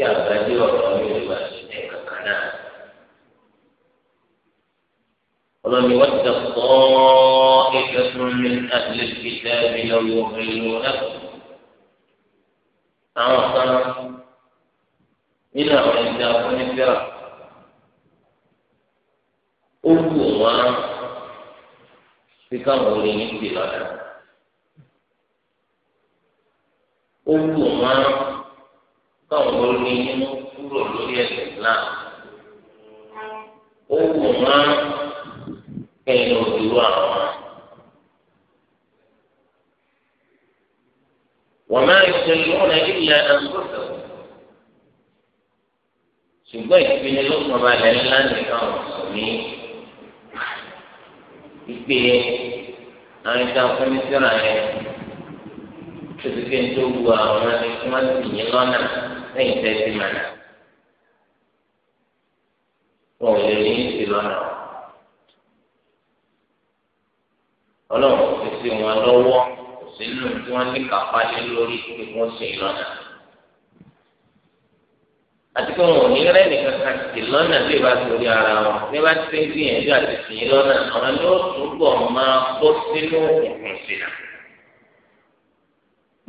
kí àgbájú ọ̀rọ̀ yóò lè wà ní kankan náà. ọlọ́ni wọ́n ti dàpọ̀ ẹ̀ka fún mi láti lè fi dá mi lọ́wọ́ ìlú náà. àwọn kan nínú àwọn ẹja fúnifẹ́ra ó wù wọ́n fi káwọn olè ní ìgbìlọ́dà ó wù wọ́n káwọn olórí inú kúrò lórí ẹsẹ̀ náà ó wù wọn kẹyìn òdúró àwọn. وما يضلون إلا أنفسهم ṣùgbọ́n ìpinnu ló kàn balẹ̀ ńlá nìkan ní ìpè àwọn ìta fúnisíra yẹn tó ń tó wu àwọn ẹni tí wọ́n ti yín lọ́nà lẹ́yìn tẹ́ sí mànà wọn ò lè ní sí lọ́nà ọlọ́run ti sí wọn lọ́wọ́ kò sí nù tí wọ́n ní kápá lórí pé wọ́n sì lọ́nà àti pé wọn ò ní rẹ́ nìkan kan sì lọ́nà bí ìbá sórí ara wọn bí wọ́n ti ń gbìyànjú àti sìn lọ́nà àwọn yóò túbọ̀ máa kó sínú òkun sílẹ̀.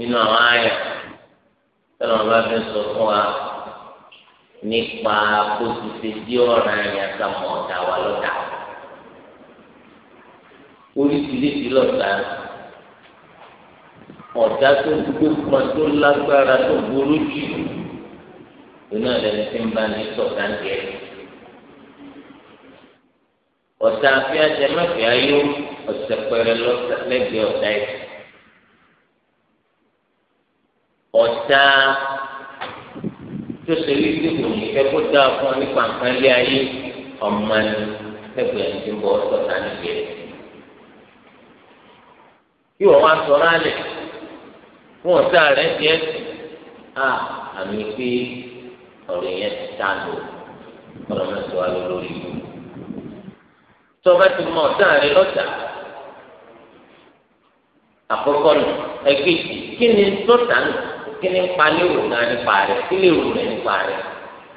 nínú àwọn àyà tọ́lá wọn bá fi sọ fún wa nípa bó ti ṣe dí ọ̀ràn àyà sàmọ̀ ọ̀dà wa lọ́dà. oríṣiríṣi lọ́dà ọ̀dà tó gbé pọn tó lágbára tó burú jù iná lẹni tí ń bá ní sọ̀dá ń jẹ. àfihàn jẹ mẹ́fẹ̀ẹ́ ayé ọ̀sẹ̀ pẹrẹ lọ́sẹ̀ lẹ́gbẹ̀ẹ́ ọ̀dà ẹ̀sìn. ọ̀tá tó ṣe wípé kò ní fẹ́ kó dáa fún ọ nípa nǹkan lé ayé ọmọ ni ẹgbẹ́ ẹni tí ń bọ̀ ọ̀tá nìyẹn. kí wọ́n wá sọ rálẹ̀ fún ọ̀tá rẹ̀ tiẹ̀ à àmì pé ọ̀rọ̀ yẹn ti ta lò ọ̀rọ̀ náà ti wá lórí ìlú. tọ́ba ti mọ ọ̀tá rẹ̀ lọ́tà àkọ́kọ́ nù ẹgbẹ́ kí ni lọ́tà nù kini ni pa lérò náà nípa rẹ̀ kí lérò rẹ̀ nípa rẹ̀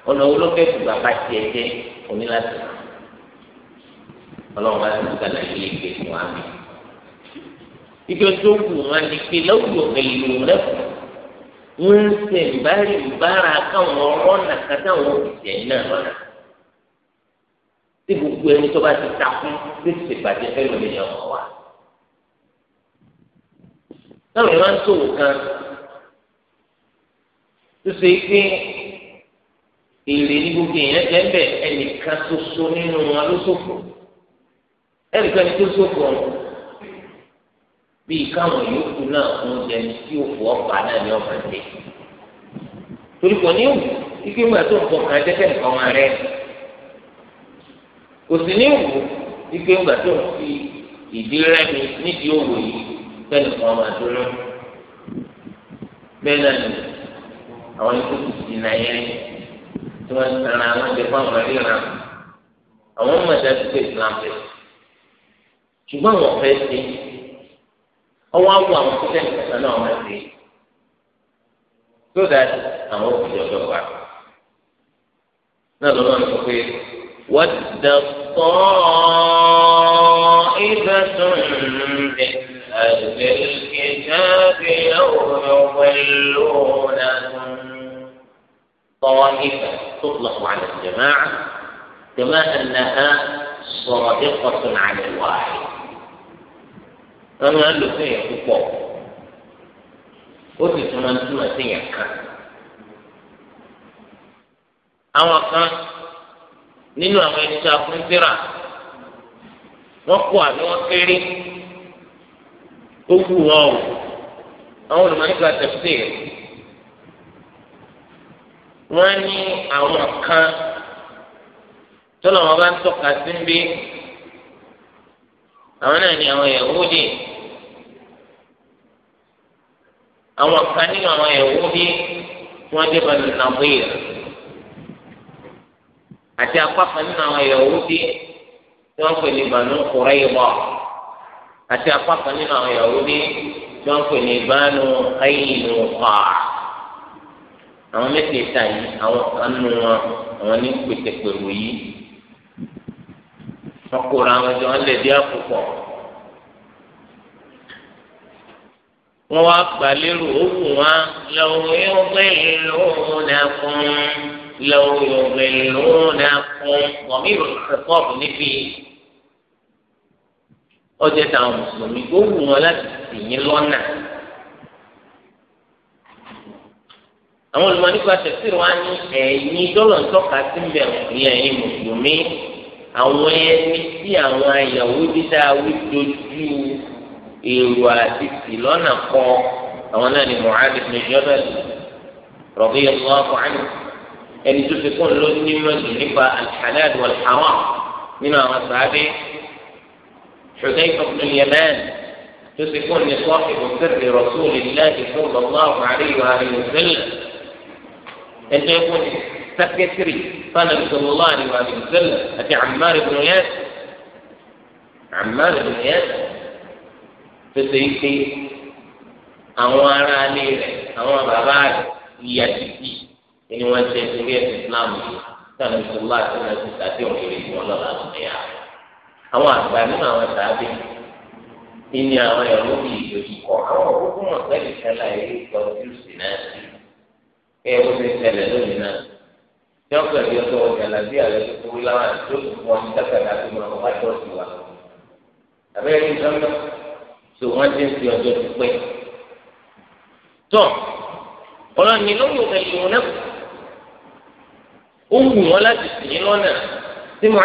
ọ̀nà wo ló fẹ́ fi bàbá tiẹ̀ jẹ́ omi láti ọlọ́run bá ti gbàlà yìí gbé fún wa mi. ibi tó kù wọn ni pé lọ́wọ́ ìlú rẹ̀ fún wọn ń sẹ̀ ń bá rí ìbára káwọn ọ̀rọ̀ nàkà táwọn òṣìṣẹ́ náà lọ́nà. tí gbogbo ẹni tó bá ti takú ló ti ṣe bàjẹ́ fẹ́ẹ́ lómi ni ọmọ táwọn ìwà ń sòwò kan tó ṣe pé èrè ní gbogbo èèyàn jẹ́ bẹ́ẹ̀ ẹnìkan ṣoṣo nínú wọn ló ṣòfò ẹnìkan tó ṣòfò ọ̀hún bíi káwọn yòókù náà fún jẹ tí òfò ọ̀pá náà ní ọ̀pá jẹ torí kò ní wù ike mú ẹtọ́ nǹkan kan jẹ́kẹ́ nǹkan wọn rẹ kò sì ní wù ike mú ẹtọ́ fi ìdí rẹ́mi nídìí òwò yìí kẹ́nìkan máa dúró bẹ́ẹ̀ náà nìyẹn àwọn ikú kù sí náírà tí wọ́n ti ra àwọn ẹgbẹ́ fún àwọn ríran àwọn ọmọ ẹ̀dá ti pé Islam bẹ̀ ṣùgbọ́n àwọn ọ̀fẹ́ ṣe ọwọ́ àwọn àwọn tó tẹ̀lé kẹta náà wọ́n ṣe tó dáa àwọn òbí ọjọ́ wa náà lọ́wọ́ ní sọ pé wọ́n ti dẹ̀ kọ́ ọ́ ìfẹ́ sọ̀rọ̀ ẹ̀ أهل الكتاب يضلونهم طائفة تطلق على الجماعة كما أنها صادقة على الواحد أنا أقول لك يا فوق قلت كمان ثم سيكا أو كان nínú àwọn ẹni tí a fún ó wù wọn o àwọn olùmọ̀nìkà tẹ̀sí wọ́n ní àwọn kan tọ́lọ̀ wọn bá ń tọ́ka sí ń bí àwọn náà ní àwọn Yahudi àwọn kan nínú àwọn Yahudi wọ́n dé bá Nàbíyà àti apá kan nínú àwọn Yahudi wọ́n pè ní Banu Qurayza àti apá kan nínú àwọn ìyàwó ní wọn pè ní ìbánu ayélujára ọ̀pá àwọn mẹ́tẹ̀ẹ̀ta yìí àwọn kanú wọn àwọn ní pètèpèrò yìí wọn kóra àwọn jọ wọn lè dé àkókò wọn wá gbà lérò òkú wa lọ́wọ́ yóò gbé náà fún lọ́wọ́ yóò gbé náà fún wọn mi rò sẹ́kọ̀ọ̀bù níbi ọjọ́ táwọn mùsùlùmí ó wù wọn láti sì yín lọ́nà. àwọn olùmọ̀ nípa tẹ̀síìrì wa ní ẹ̀yìn dọ́là ń tọ́ka sí mẹ́rin ní ẹ̀yìn mùsùlùmí àwọn ẹni tí àwọn àyàwó dídá wí dojú èrò àti tìlọ́nà kọ àwọn náà ni Mu'adh ibn Jabal radiyallahu anhu ẹni tó fi kún ló ní mẹ́rin nípa al-halal nínú àwọn sàábẹ́. حذيفة بن اليمان تصفني صاحب سر رسول الله صلى الله عليه وآله وسلم أنت يقول سكتري صلى الله عليه وآله وسلم أتي عمار بن ياسر عمار بن ياسر فسيتي أموار أمير أموار أبار ياسيتي إني يعني وانت يسمي الإسلام صلى الله عليه وسلم تأتيهم إليه والله لا تنيا àwọn àgbà nínú àwọn sàábì ìní àwọn ẹ̀rọ bíi ìdòjúkọ àwọn òkú mọ̀ pẹ́ẹ́lí sẹ́la èyí lọ sí ìsìn náà sí kẹ́ ó ti ṣẹlẹ̀ lónìí náà tí wọ́n pẹ̀lú ọjọ́ ọ̀gàlà bí àlẹ́ tó kúrú láwọn àdúgbò tó fún ọmọ dákàdá tó máa wá jọ sí wa àbẹ́rẹ́ ìjọba tó wọ́n ti ń fi ọjọ́ ti pẹ́ tọ́ ọlọ́ni lóyún ọ̀gẹ̀lẹ̀ náà ó wù wọ́n láti sìn lọ́nà tí mo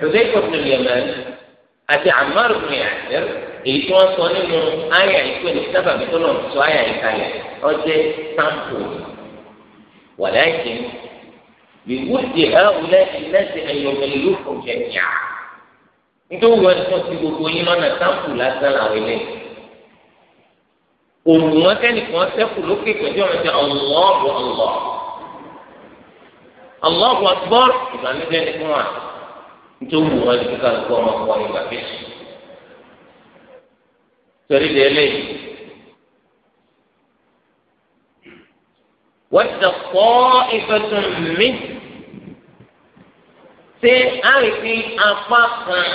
ṣùgbọ́n ìkọ̀tún ìyẹ̀mẹ̀ àti àmàrù fún yàtẹ̀ èyí tí wọ́n sọ nínú àyà ìpè ní sábàbí tó lọ́n sọ àyà ìkàlẹ̀ ọjẹ́ sáǹpù wàláìkì ìwúdì ẹ̀wùlẹ̀ ìlẹ́sìn ẹ̀yọ̀mẹ̀lẹ̀ yóò fún jẹ̀yà nítorí wọn ti fọ́n ti gbogbo yín lọ́nà sáǹpù lásán làwọn eléyìí òmùwọ́n kẹ́nìkan sẹ́kù lókè pẹ̀lú ọ̀rọ̀ ṣe ọ̀lọ́ọ̀bù ọ̀lọ́ ọ̀lọ́ọ̀bù ọ̀gbọ́n ìbànújẹ́ ni fún wa nítorí wù wọn ní kíkà lóko ọmọkùnrin ìgbà bí sùn torí de eléyìí wọ́n ti kọ́ ìfẹ̀tún mi ṣé àìsí apá kan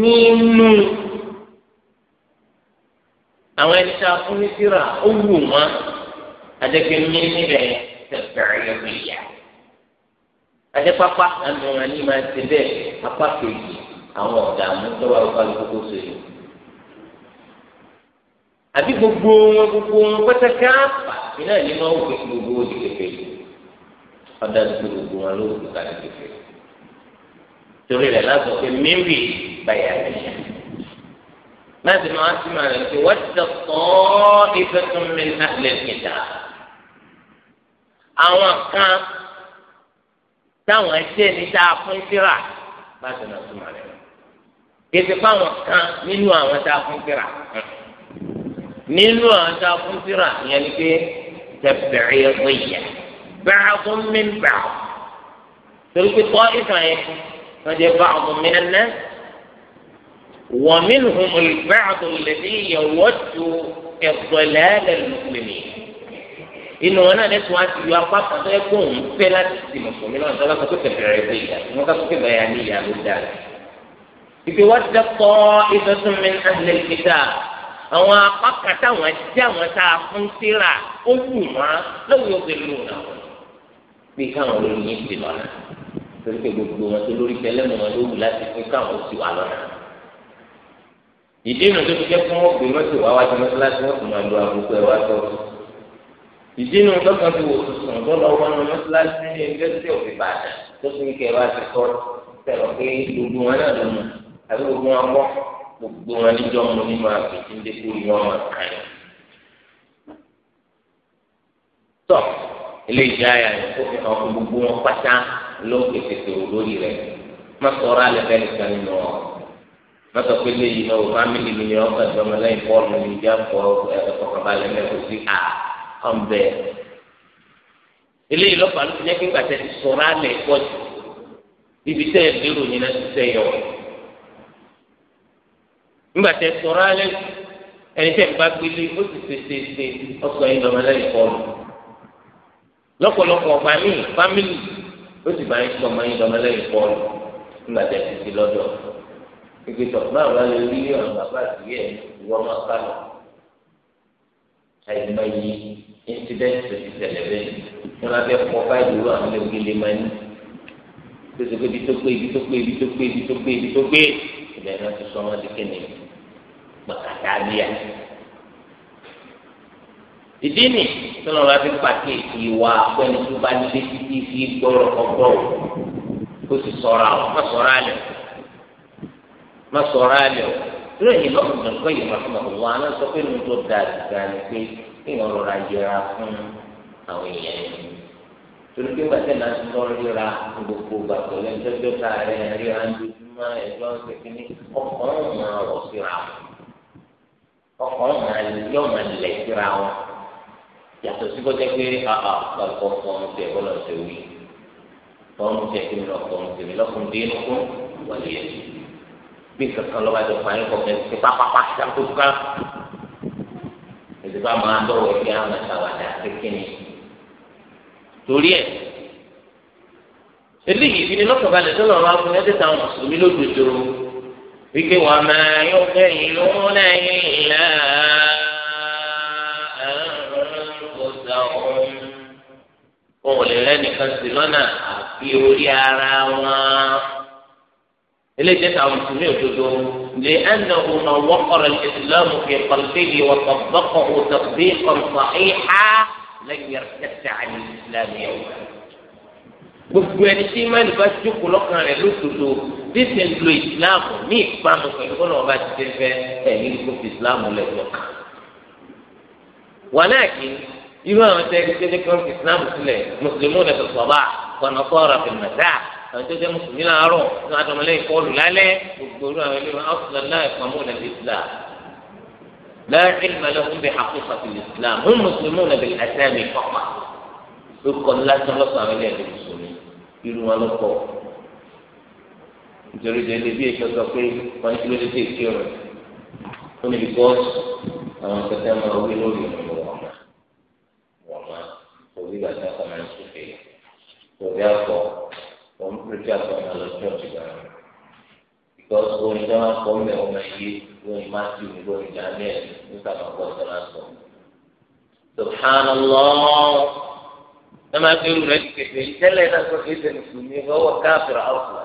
nínú àwọn ẹni tá a fún ní síra ó wù wọn àdéhùn níbẹ̀ tẹ̀sán yóò yá ẹni pápá àmì wọn ni máa ti bẹ́ẹ̀ apá kejì àwọn ọ̀dààmú tó wà lópa gbogbo sèlú. àbí gbogbo wọn gbogbo wọn pẹ́tẹ́kẹ́ àpà iná ní máa wò gbogbo ó di kẹfẹ́ yìí ọ̀dà tó gbogbo wọn ló wò ká di kẹfẹ́ yìí. torí rẹ̀ láti sọ pé mímì báyà rẹ̀ láti máa ti máa rẹ̀ pé wọ́n ti sọ ọ́ ìfẹ́ tún mi náà lẹ́ẹ̀kẹta. àwọn kan táwọn ẹgbẹ́ ní tá a fún síra bá a sọ̀rọ̀ súnmọ́ rẹ̀ kéde fáwọn kan nínú àwọn tá a fún síra nínú àwọn tá a fún síra ìyẹn ni pé tẹ̀bẹ̀rẹ̀ ẹ̀yẹ bẹ́ẹ̀ fún mi bẹ́ẹ̀ torí pé tọ́ ìtàn yẹn wọ́n jẹ́ bá ọ̀gbọ̀n mi ẹ̀nẹ́ wọ́n mi nù fún mi bẹ́ẹ̀ àtọ̀lẹ́dẹ́ yẹ wọ́n tu ẹ̀gbọ́n lẹ́ẹ̀lẹ́ lùmí inú wọn náà lẹsùn wá ti yọ apá kan tó yẹ kó òun fẹ́ láti ti mùsùlùmí náà tó bá sọ pé kẹfẹrẹ ẹgbẹ ìyá wọn ká sọ pé bẹ́ẹ̀ ni ìyá ló dára ìpè wá ti dẹkọ ìfẹsùn mi àlẹ ìkẹta àwọn apá kan táwọn jẹ àwọn tá a fún síra ó wù wọn lórí oge lù náà bí káwọn olóyìn ti lọ náà torí pé gbogbo wọn tó lórí tẹlẹmù wọn ló wù láti fún káwọn ó wà lọ ìdí ìrìn tó fi jẹ fún wọn ìdínú lọ́kàn fi wò sùsùn tó lọ wọn ní mọ́sálásí ní ẹgbẹ́ tí ò fi bàjẹ́ tó tún ní kẹwàá ti kọ́ tẹ̀lọ́ pé gbogbo wọn náà ló mú àbí gbogbo wọn kọ́ gbogbo wọn níjọ́ mu nínú àgbèjì ńdé kó yọ ọmọ kan yìí. tọ́ ilé ìjà ayà yìí kó fi hàn gbogbo wọn pátá ló ń pèsè tèrò lórí rẹ̀ má sọ̀rọ̀ alẹ́ bẹ́ẹ̀ nìkan nínú ọ má sọ pé lẹ́yìn náà fámìlì mi ni ọkàn ìjọba lẹ́yìn bọ́ọ̀lù mi jẹ́ ọ̀pọ̀ ọ̀nbẹ. eléyìí lọ́pàá ló ti jẹ́ kí ńgbà tẹ́ ti sọ̀rọ̀ alẹ́ pọ̀ jù ibi tẹ́ ẹ̀ lérò yín náà ti tẹ́ yọ. ńgbà tẹ́ sọ̀rọ̀ alẹ́ ẹni tẹ́ ń bá gbélé ó sì ṣe ṣe ṣe ọkọ̀ yín lọ́mọ lẹ́yìn kọ́ọ̀lù. lọ́pọ̀lọpọ̀ ọ̀gbà míì fámìlì ó sì bá yín sọmọ yín lọ́mọ lẹ́yìn kọ́ọ̀lù ńgbà tẹ́ ti ti lọ́dọ̀ ìgbésọ̀ náà wà lórí ọ̀nà bàbá àtìyẹ ìwọ́n máa kálọ̀ incident tó ti ṣẹlẹ̀ bẹ́ẹ̀ ní wọ́n fẹ́ kọ́ fáìlì wúrọ̀ àwọn ẹgbẹ́ lè máa ní tó ṣe pé ibi tó pé ibi tó pé ibi tó pé ibi tó pé ibi tó pé ìbẹ̀rẹ̀ náà ti sọ wọn di kíni gbàkàtàlíà. ìdí nì tọ́lọ́ wa fi pàṣẹ ìwà pẹ́ni tó bá ní létí tí fi gbọ́rọ̀ ọgbọ́ o kó sì sọ̀rọ̀ àwọn má sọ̀rọ̀ àlẹ́ má sọ̀rọ̀ àlẹ́ o lóyìn lọ́kùnrin kan yìí má fún ọ kéèyàn rọra yẹra fún àwọn èèyàn yẹn torí pé gbàtẹ́ náà ti tọ́ ríra gbogbo gbà pẹ̀lú ẹjọ́ tó ta rẹ̀ ríra ń dojúmọ́ ẹjọ́ kékeré ọkọ̀ ọ̀hún máa rọ̀ síra wọn ọkọ̀ ọ̀hún máa yọ̀ máa lẹ̀ síra wọn yàtọ̀ sí kọjá pé àà lọ́kọ̀ fọ́ọ̀mù tẹ̀ bọ́lá ṣe wí fọ́ọ̀mù tẹ̀ kí ni lọ́kọ̀ọ̀mù tẹ̀ mí lọ́kùn dín bí kankan lọ́ba jọ fún ayé kọ̀ọ̀kan pápápá ṣàkóso kan bá máa dọ̀wọ́ ẹgbẹ́ àmàtàwàdà kékeré torí ẹ̀ eléyìí ìfinilọ́kànbalẹ̀ tó lọ́wọ́ fún ẹ̀dẹ́ táwọn mùsùlùmí lódodo wípé wà máa yọ kẹ́yìn lónà ìlà òun lè rẹ́ nìkan sí lọ́nà àfi orí ara wọn eléyìí tẹ́tà àwọn mùsùlùmí الإسلام في ẹnna ọmọ wọ́kọ̀rọ̀ ìsìlámù fi kọ̀lùbẹ́yì عن الإسلام òtọ̀bí kọ̀ǹtọ̀ ìhá lẹ́yìn ẹ̀rẹ́tẹ̀ àní ìsìlámù yẹn wà. gbogbo ẹni tí imáni bá jókòó lọ́kàn rẹ̀ lódodo bí sì ń lo ìsìlámù ní ìpamọ́ pẹ̀lú kọ́nà ọba ti ṣe fẹ́ ẹ̀mí kó fi ìsìlámù lẹ̀ lọ́kàn. wàláàkì irú àwọn tẹ́ àwọn tó jẹ́ mùsùlùmí làárọ̀ ní adọmọlẹ́yìn kọlù lálẹ́ gbogbo orí àwọn ẹlẹ́wọ̀n afúlàlá ìpamọ́ nàbí islam láàrin ìmọ̀lẹ́ fún bí àkókòtì islam mú mùsùlùmí nàbí àtẹ́mì kọ́pà ó kọ́ ní lásán lọ́sàn àwọn ẹlẹ́yìn mùsùlùmí irú wọn ló pọ̀ nítorí délé bí èso sọ pé wọn kí ló dé dé kírun ó ní bíkọ́sì àwọn kẹtẹ máa wí lórí ìrìn wọn máa wọn máa òun pèsè àtọ̀nà lọ chọ́ọ̀chì gan because orin tí wọn kọ mẹ ọmọ yìí lórí matthew lórí daniel nípa àgbàgbọ́ tí wọn sọ subhanallah ẹ máa fi irú rẹ ti kẹfẹ ìtẹlẹ náà sọ kí ẹsẹ mùsùlùmí ọwọ káfíra ọfùlà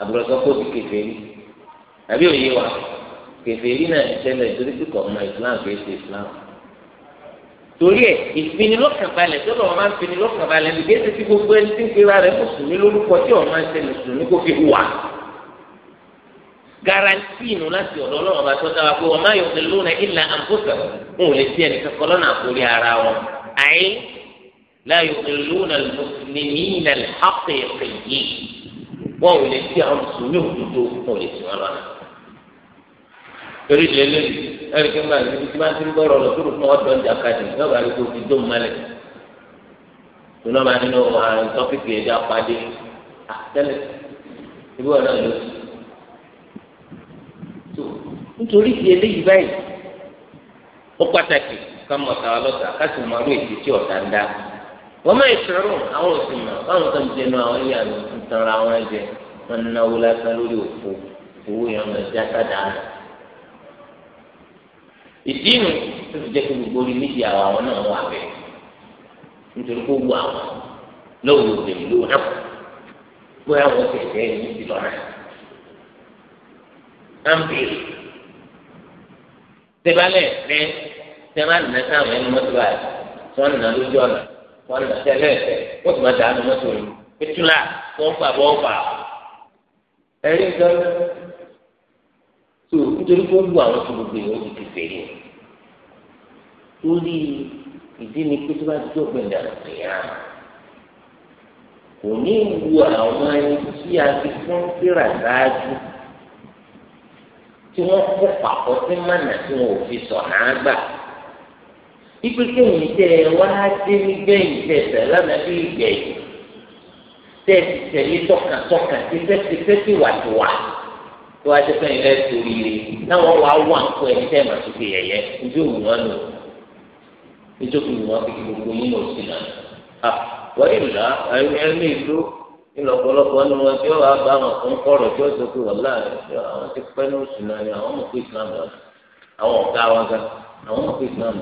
àbúrò sọ kó ti kẹfẹ rí àbí òye wa kẹfẹ rí náà ìtẹlẹ torí kíkọ ọmọ islam kì í islam torí ẹ ìfinilọ́kànbalẹ̀ tó lọ́wọ́ máa ń finilọ́kànbalẹ̀ ní kéde tí gbogbo ẹni tí ń pera rẹ̀ mùsùlùmí lórúkọ tí ọ̀rọ̀ máa ń ṣe mùsùlùmí kó fi wà. garanti inú láti ọ̀dọ̀ ọlọ́run bá tó dára pé wọ́n máa yọ ọ̀dọ̀ lónà ìlà àǹfọ̀sẹ̀ ń wò sí ẹni kankan lọ́nà àkórí ara wọn. àyè láyò lónà torí ilé lé kí n bá ibi tí máa ti ń bọ̀rọ̀ lọ tó fún ọ̀dọ́ ní ọ̀bà àríkò ti dó mọ́lẹ̀ tó náà máa nínú àrùn tọ́pìkì ẹ̀dá padì àtẹ́lẹ̀ ibi wọn náà ló tó nítorí ti eléyìí báyìí ó pàtàkì ká mọ̀ ọ̀tá ọlọ́ta ká sì mọ̀ ọdún ń dá wọ́n máa àwọn òsì mọ̀ báwọn jẹnu àwọn ń tanra náwó lásán lórí òfò owó yẹn ìdí nu tó fi jẹ́ kó gbogbo orí mídìí àwọn àwọn náà wà bẹ́ẹ̀ nítorí kó wù àwọn lọ́wọ́ òde ìlú náà bóyá wọ́n ti ẹ̀jẹ̀ yìí ti lọ́nà àǹbìrì tẹ́bálẹ̀ ẹ̀fẹ́ tẹ́bá nà sáwọn ẹni mọ́tò báyìí wọ́n nà lójú ọ̀nà wọ́n nà tẹ́lẹ̀ ẹ̀fẹ́ wọ́n sì máa dàánù mọ́tò yìí pétúlà wọ́n fà ẹ̀rí ìjọba nítorí pé ó wù àwọn tó gbogbo èèyàn ó di kèfèrí torí ìdí ni pé tó bá ti tó gbẹ̀dẹ̀ àtìyá kò ní wu àwọn ẹni tí a ti fún síra dáájú tí wọ́n kó papọ̀ sí mánà tí wọn ò fi sọ̀nà àgbà ipe kéwìn tẹ wá dé nígbẹ̀yìn tẹ sẹ̀lá nàbí ìgbẹ̀yìn tẹ ti tẹ̀lé tọkàntọkàn tí fẹ́ ti fẹ́ tó wá ṣe fẹ́yìn rẹ̀ torí rẹ̀ táwọn wàá wà ń kó ẹni tẹ́ẹ̀mà tó fi yẹ̀yẹ́ ojú òun wọn nù ojú òun wọn fi gbogbo yín lọ sí náà à wọ́n yìí là ẹni ìlú wọn tí bá wọn fún tí sọ pé láàrin àwọn ti pẹ́ ní oṣù náà ni àwọn mọ̀ pé Islam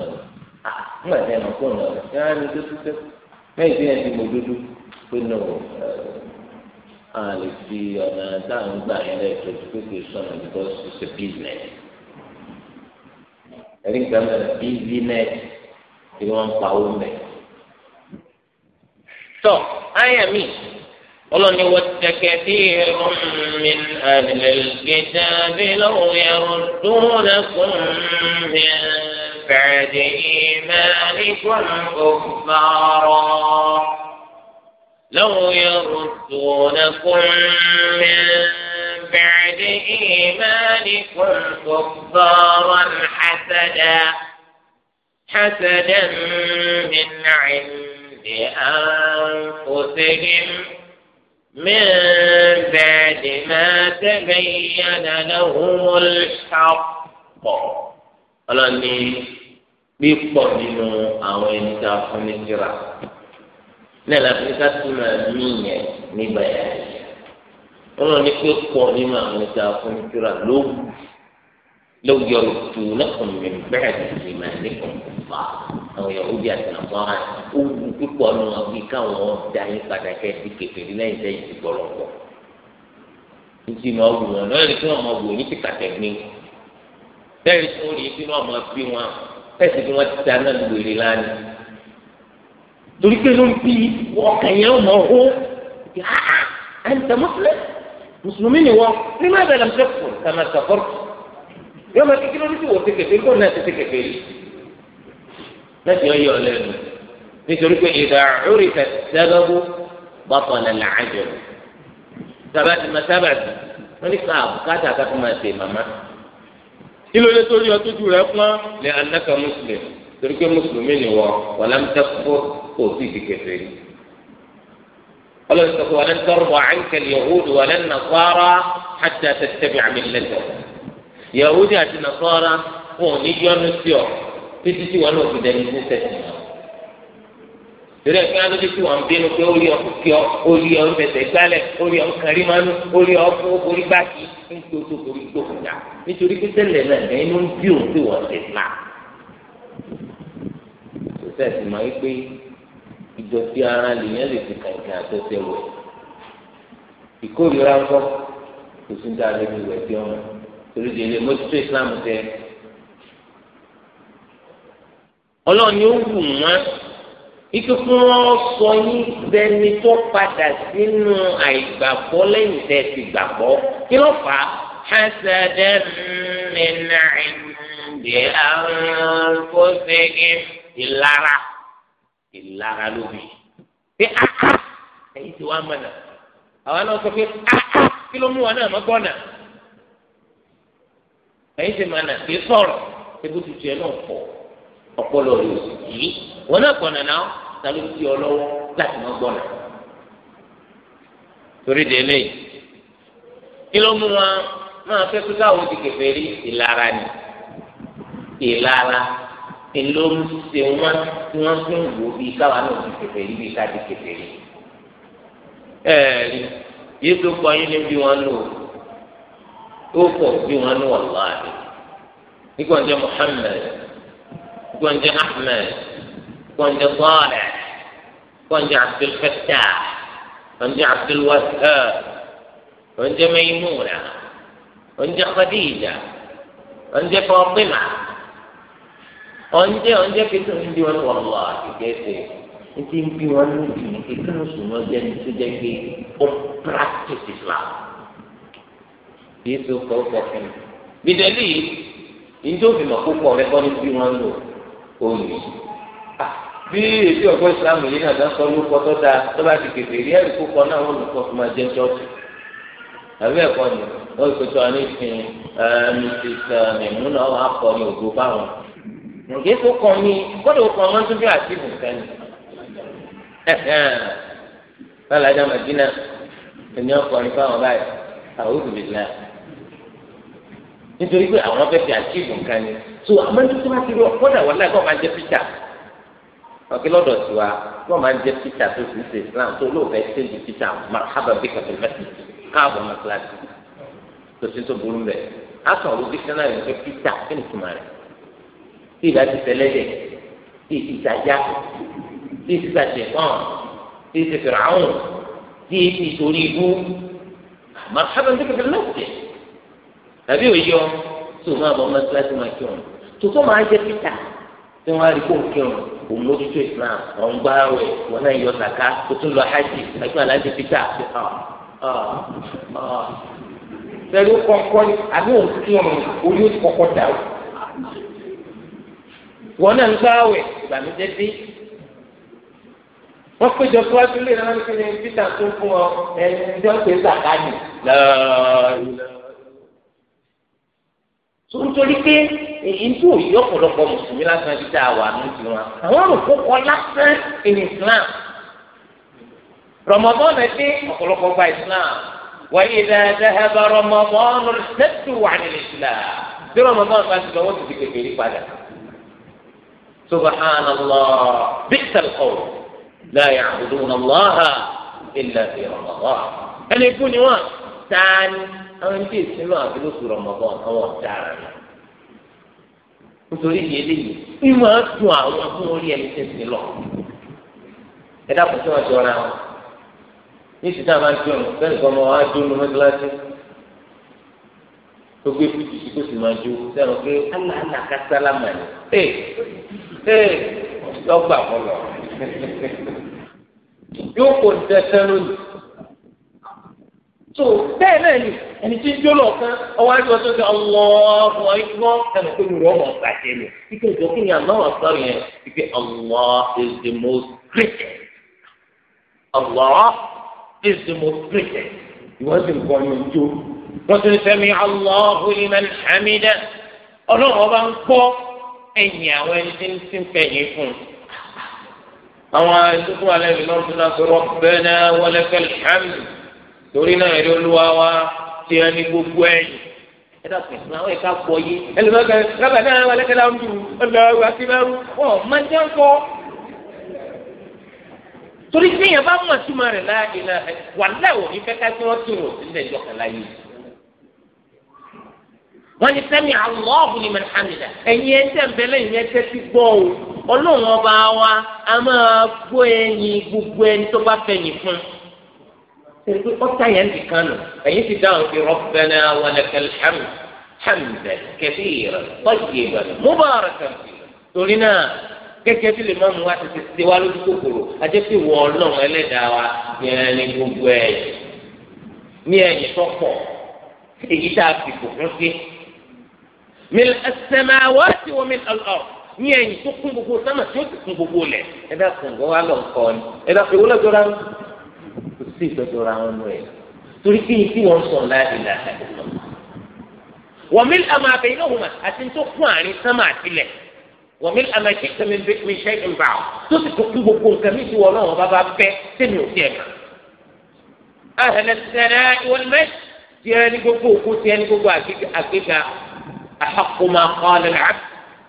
a lè fi ọ̀nà táwọn gbà yẹn lẹ̀ tó ti pépè sọ̀nà because it's a business. ẹ̀rí nǹkan mẹ́rin business tí wọ́n ń pa owó mẹ́. tọ́ àyà mi ọlọ́ni wọ́n tẹ̀kẹ́ sí min àlẹ́lẹ́gẹ́dàbí lọ́wọ́ yẹn dúnlẹ́kùn mi bẹ̀rẹ̀ dé ìmẹ́rin kún òkú bá rọ̀. لو يردونكم من بعد إيمانكم كفارا حسدا حسدا من عند أنفسهم من بعد ما تبين لهم الحق قال لي بيقدموا أو أنت náà láfíríkà tó máa mí yẹn nígbà yàrá yẹn wọn lọ ní pé pọ̀ nínú àwọn oníta fún ìtura lówù lówù yọrọ tù lẹkùn mi bẹ́ẹ̀ ní ìmọ̀ ẹnìkan kò fà àwọn yòówù bí àti nàfọ hàn owó pípọ̀ nù wọn bí káwọn da yín padà kẹ́ ti kékeré lẹ́yìn tẹ́yìn ti gbọ́lọ̀ pọ̀ níbi ìmọ̀ ọ̀gbìn wọn náà ní kí wọn mọ̀ wò ní ti kàtẹ́ gbé bẹ́ẹ̀ ni wọ́n rí kí wọ́n mọ̀ bí wọn fẹ́ẹ̀sì bí wọ́n ti dáná lóore lánàá torí pé ló ń bí ọkàn yẹn mọ̀ ó ẹ̀ǹtẹ̀ mùsùlùmí mùsùlùmí ni wọ́n ní má bẹ̀rẹ̀ ṣe kù kàmá ṣàkọ́rọ̀ yóò máa kékeré ní ti wò ti kékeré kó náà ti ti kékeré láti ọ yọ lẹ́nu nítorí pé ìdá orí fẹsẹ̀dọ́gbó bàtọ̀ lẹ́la àjọ sábàtì má sábàtì wọ́n ní ká àbùkátà ká tó máa ṣe màmá kí ló dé torí ọtútù rẹ fún ọ lẹ́ anáka mùsùlùmí. torí pé mùsùlùmí ni wọn wọn lọ tẹ fún kò sí ti kẹfẹ rí ọlọ́run sọ pé wọn lọ tọrọ wọn ànkẹlẹ yahudu wọn lọ nàkọ́ra hàtà àtẹ̀tẹ̀bẹ̀ àmì lẹtọ yahudu àti nàkọ́ra wọn ò ní yọnu sí ọ títí tí wọn náà fi dẹni sí sẹsìn náà torí ẹ̀ fún alójú tí wọ́n ń bínú pé ó rí ọkú kí ọ ó rí ọ fẹsẹ̀ gbálẹ̀ ó rí ọ kárí mánú ó rí ọ fún orí báàkì ń tó tó orí gbòkúta nítorí pé tẹ́lẹ̀ náà ẹ̀yin ló ń bí òun tí wọ́n ti maa tẹ̀sí máa ń pé ìdọ̀tí ara lèèyàn lè fi kàǹkà àtẹ̀tẹ̀ wẹ̀ ìkórìíra ńkọ́ kò sí dáa lè fi wẹ̀ sí ọmọ torí délé mọ́tò Islam tẹ ọlọ́run ni ó wù wọ́n ike fún wọn sọ yín bẹni tó padà sínú àìgbàgbọ́ lẹ́yìn tẹ́ ti gbàgbọ́ kí ló fà á hasadan min 'indi anfusihim ìlara ìlara lóbi pé aka ẹ̀yìn ti wá mọ̀nà àwọn náà sọ pé aka kí ló mú wọn náà mọ́gbọ́nà ẹ̀yìn ti mọ̀nà kì í sọ̀rọ̀ ebú tuntun ẹ̀ náà pọ̀ ọpọlọ rẹ̀ òsì yìí wọn náà gbọ̀nà náà ta ló ọ lọ́wọ́ láti mọ́gbọ́nà torí délé kí ló mú wọn máa fẹ́ kí káwọn ti kẹfẹ́ rí ìlara ni ìlara. èló ń ṣe wọn tí wọn fi ń wò bíi káwa náà ti kẹfẹ rí bíi ká ti kefe yii rí. ẹ ẹ yìí tó kọ yín ní bí wọn lò ó pọ̀ bí wọn lò wọn lọ àdé nígbà ń jẹ Muhammad nígbà ń jẹ Ahmed nígbà ń jẹ Saleh nígbà ń jẹ Abdul Fattah nígbà ń jẹ Abdul Wahhab nígbà ń jẹ Maymuna nígbà ń jẹ Khadija nígbà ń jẹ Fatima. ọ̀njẹ́ ọ̀njẹ́ kẹtù ń bí wọn ní wàhálà àkẹ́kẹ́ ẹ̀sẹ̀ ń ti ń bí wọn ní ìlú kẹtù mùsùlùmí ọjọ́ ẹni tó jẹ́ pé ó practice Islam kìí ṣe ọkọ̀ ọkọ̀ fún mi. bìdẹ́lì ìjọ òfìmọ̀ púpọ̀ rẹ kọ́ ní bí wọn lò ó lè. bí èsì ọ̀gbọ́ Islam yìí náà sọ lórúkọ tó dáa tó bá ti kèfè rí ẹ̀rí púpọ̀ náà wọn lùkọ́ fún ma jẹ́ ṣọ́ọ̀tù. àbí ẹ̀kọ́ ni ó ìpètò àníṣin Mrs. Mimuna wọn akọ ní ògbó báwọn nǹkan tó kàn mí gbọ́dọ̀ kàn máa ń tún bí àtìmù sẹ́ni lálàjà màdínà èmi ọkùnrin fáwọn báyìí àwọn olùbìlà nítorí pé àwọn fẹ́ fi àtìmù nǹkan ni so àmọ́ ní tí wọ́n ti rí ọ̀pọ̀ náà wọ́n láì kọ́ máa jẹ́ píṣà ọ̀kí lọ́dọ̀ sí wa wọ́n máa ń jẹ́ píṣà tó sì ń ṣe Islam tó lóòfẹ́ ṣe ju píṣà marhaba bí kàfé mẹ́sì káàbọ̀ mọ́tíláṣí tó ti tó burú bẹ́ẹ̀ á bí sẹ́nà rẹ̀ ń jẹ́ píṣà kí ni tùmọ̀ rẹ̀ tí ìgbà ti tẹ̀lé dẹ̀ tí ìtì ìtajà tí ìtì ìtajà kàn tí ìtì fìràhùn tí ìtì ìtòrí ibú màkàbà ní kẹfẹ lọ́sẹ̀ tàbí òye ọ tó máa bọ̀ mọ́tíláṣí máa kírun tuntun máa jẹ́ títà tí wọ́n á rí kó kírun òun ló tútù islam òun gbá wẹ̀ wọn náà yọ sàká tó tún lọ hajj ẹgbẹ́ aláàjì títà ṣe ọ̀ ọ̀ ọ̀ pẹ̀lú kọ̀ọ̀kan àbí òun kírun orí kọ̀ọ̀kan dà wọn náà ń gbáwẹ̀ ìbànújẹ́ dé wọ́n péjọ síwájú lè rán ní kíni peter tó fún ọ ẹni tó ń pè sàkáàdì lọ́ọ́ sotori pé èyí tó yí ọ̀pọ̀lọpọ̀ mùsùlùmí lásán ti dá wà ní tiwọn àwọn olùkókọ lásán in Islam Ramadan ẹ dé ọ̀pọ̀lọpọ̀ gba Islam wà yìí dáadáa bá Ramadan ṣètò wà ní Islam bí Ramadan bá ti lọ wọ́n ti di kékeré padà. سبحان الله بئس القول لا يعبدون الله إلا في رمضان انا يكون يوان تعال أو أنت سماء في نص رمضان أو تعالي وتريد إيه يدي إما إيه أسمع وأكون لي الإسم الله إذا إيه كنت ما شو رأى إيش تعرف شو بس كم واحد من مدرسه تقول في كل شيء ما شو سألوك الله الله كسلامني إيه ee lọ́gbà kọlọ̀ yóò kó dẹ́sẹ́ lónìí. tó bẹ́ẹ̀ náà ni ẹni tí ń jóló kan ọwọ́ àti ọtún ṣe ọlọ́ọ̀bù ọ̀yọ́ ẹnì pé lórí ọmọ ọ̀gbà jẹ ni ike ìjọ kí ni àlọ́ ọ̀sọ́ yẹn ike Allah is the most greatest Allah is the most greatest ìwọ́n sì ń kọ́ ní ojú wọ́n ti ń sẹ́mi Allahu liman hamida ọlọ́run ọba ń kọ́ ẹ̀yìn àwọn ẹni tí ń tí ń fẹ̀yìn fún un. àwọn ẹ̀dúkú alẹ́ mi náà tún náà sọ̀rọ̀ bẹ́ẹ̀nà wọlé fẹ́lẹ̀ hàmì torí náà ẹ̀rí olúwa wa ti ẹ ní gbogbo ẹ̀yìn. ẹ dàpọ̀ ìsìn àwọn ẹ̀ka pọ̀ yìí ẹlẹ́mọ̀kẹ́ rábà náà wọlé kẹ́lá ń dùn ọ̀làwọ̀ akínárù ọ̀ máa jẹ́ ńkọ́. torí tí èèyàn bá mọ̀ wọ́n ní sẹ́mi Allahu liman hamida ẹ̀yin ẹ̀ńtẹ̀ ńbẹ́lẹ̀ yìí ẹ̀ tẹ́tí gbọ́ o ọlọ́run ọba wa a máa gbọ́ ẹ̀yin gbogbo ẹni tó bá fẹ̀yìn fún un ọ̀tá yẹn ti kan nù ẹ̀yin ti dáhùn sí rabbana wa lakal hamd hamdan kathiran tayyiban mubarakan torí náà bí lè má mú wa tètè ṣe wá lójú kòkòrò àti pé wọ ọlọ́run ẹlẹ́dàá wa yẹn ni gbogbo ẹ̀yìn ní ẹ̀yìn tó èyí tá a fi kò fún sí ملء السماوات وملء الارض نيان تقوم بقول سما شو تقوم بقول اذا قوم بقول قول اذا قول قول تصيب قول قول تريكي في وصول لا اله الا الله وملء ما بينهما حتى تقوم سما تلك وملء ما شئت من بيت من شيء بعض تقوم بقول كميسي ولا بابا بي سنو سيكا اهل الثناء والمجد يعني بقول قول يعني بقول قول أحق ما قال العبد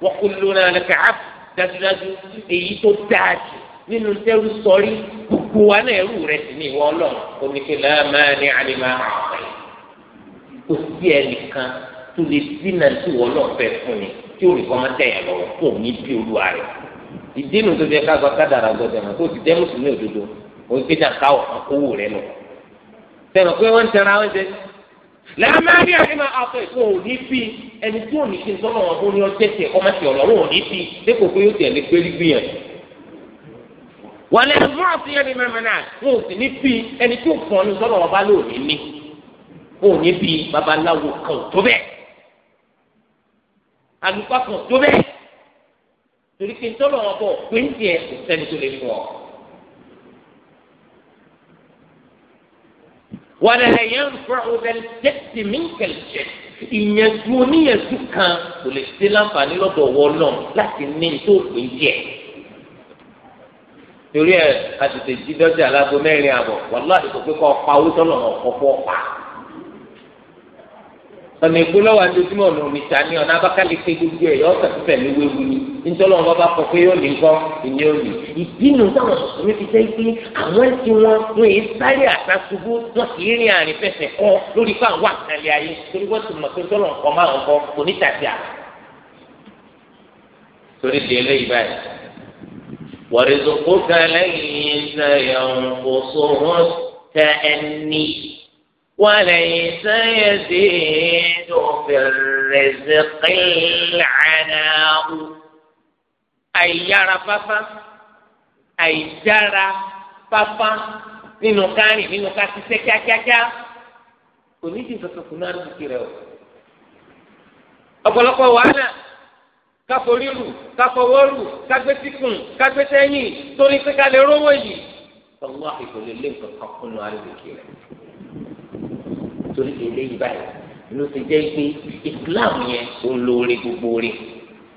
وكلنا لك عبد dájúdájú èyí tó dáa jù nínú tẹ́rù sọrí gbogbo wa náà ẹrú rẹ sì ní ìwọ ọlọ́run oníkèlè máa ní àlèmá àpẹ kò sí ẹnìkan tó lè dínà tí ìwọ ọlọ́run fẹ́ fún mi tí ò ní kọ́ máa tẹ̀yà lọ́wọ́ kò ní bí olúwa rẹ ìdínú tó fẹ́ ká gba kádàrà gbọdọ̀ mọ̀ kó o ti jẹ́ mùsùlùmí òdodo òun gbé jàǹkáwọ̀ kan kówó rẹ nù. sẹ́nu pé wọ́n ń tẹra oúnjẹ lẹ́ẹ̀mẹ́rin àìmọ̀ àtọ̀ ìfún òní fi ẹni tí òní fi sọ́nà ọ̀hún ni ọjọ́ tẹ̀ ọmọ ti ọ̀lọ́run òní fi dépò pé yóò tẹ̀lé pé rí gbìyàn. wọ́n lè mú ọ̀sìn ẹni mẹ́rin náà wọn ò sì ní fi ẹni tí òfin ọ̀nù sọ́nà ọba lóòní ní òní fi babaláwo kan tó bẹ́ẹ̀ àlùkò tó bẹ́ẹ̀ torí pé sọ́nà ọba òpin tiẹ̀ kò sẹ́ni tó lè fún ọ wàlẹ̀ yẹn fún ọ̀rẹ́ tẹ̀sí mi kẹ̀lẹ́jẹ̀ ìyẹ̀dù oníyẹ̀dù kan kò lè ṣe láǹfààní lọ́dọ̀ wọ náà láti ní tó pín díẹ̀. torí ẹ àtètè jí dọ́jà lágbo mẹ́rin àbọ̀ wàlúwà ìkọ̀pẹ́ kọ́ pa owó tọ́lọ̀ ọ̀kọ́ fọ́ pa ọ̀nà èkó lọ́wọ́ adójúmọ̀ ọ̀nà òmìtà ni ọ̀nà abákálíkè gbogbo ẹ̀ yọ̀ọ́ sàtú pẹ̀lú wéwu ni nítorí wọn bá kọ pé yóò ní nǹkan ìní òní. ìbínú táwọn sọ̀rọ̀ fi jẹ́ pé àwọn tí wọn wọn èyí sáré àtàṣubú wọn sì rí àrìn fẹsẹ̀ kọ́ lórí fún àwọn àkàlẹ̀ ayé torí wọ́n ti mọ̀ pé tọ́lọ̀ nǹkan máa ń kọ́ onítàjà. torí di eléyìí báyìí wọ̀rẹ̀dùnkú kan lẹ́yìn وليس يزيد في الرزق العناء أيار ففا أيجار ففا nínú kárìn nínú ká ṣiṣẹ́ kíákíákíá kò ní ìdí kankan kò náà dùkì rẹ o. ọ̀pọ̀lọpọ̀ wàhálà káforílù káfọwọ́rù kágbésíkùn kágbésẹ́yìn torí pé ká lè rówó yìí. sọ̀rọ̀ àìkò lè lé nǹkan kan kúnnú àrídìkì torí eléyìí báyìí ló ti jẹ́ pé islam yẹn ò lóore gbogbo rẹ̀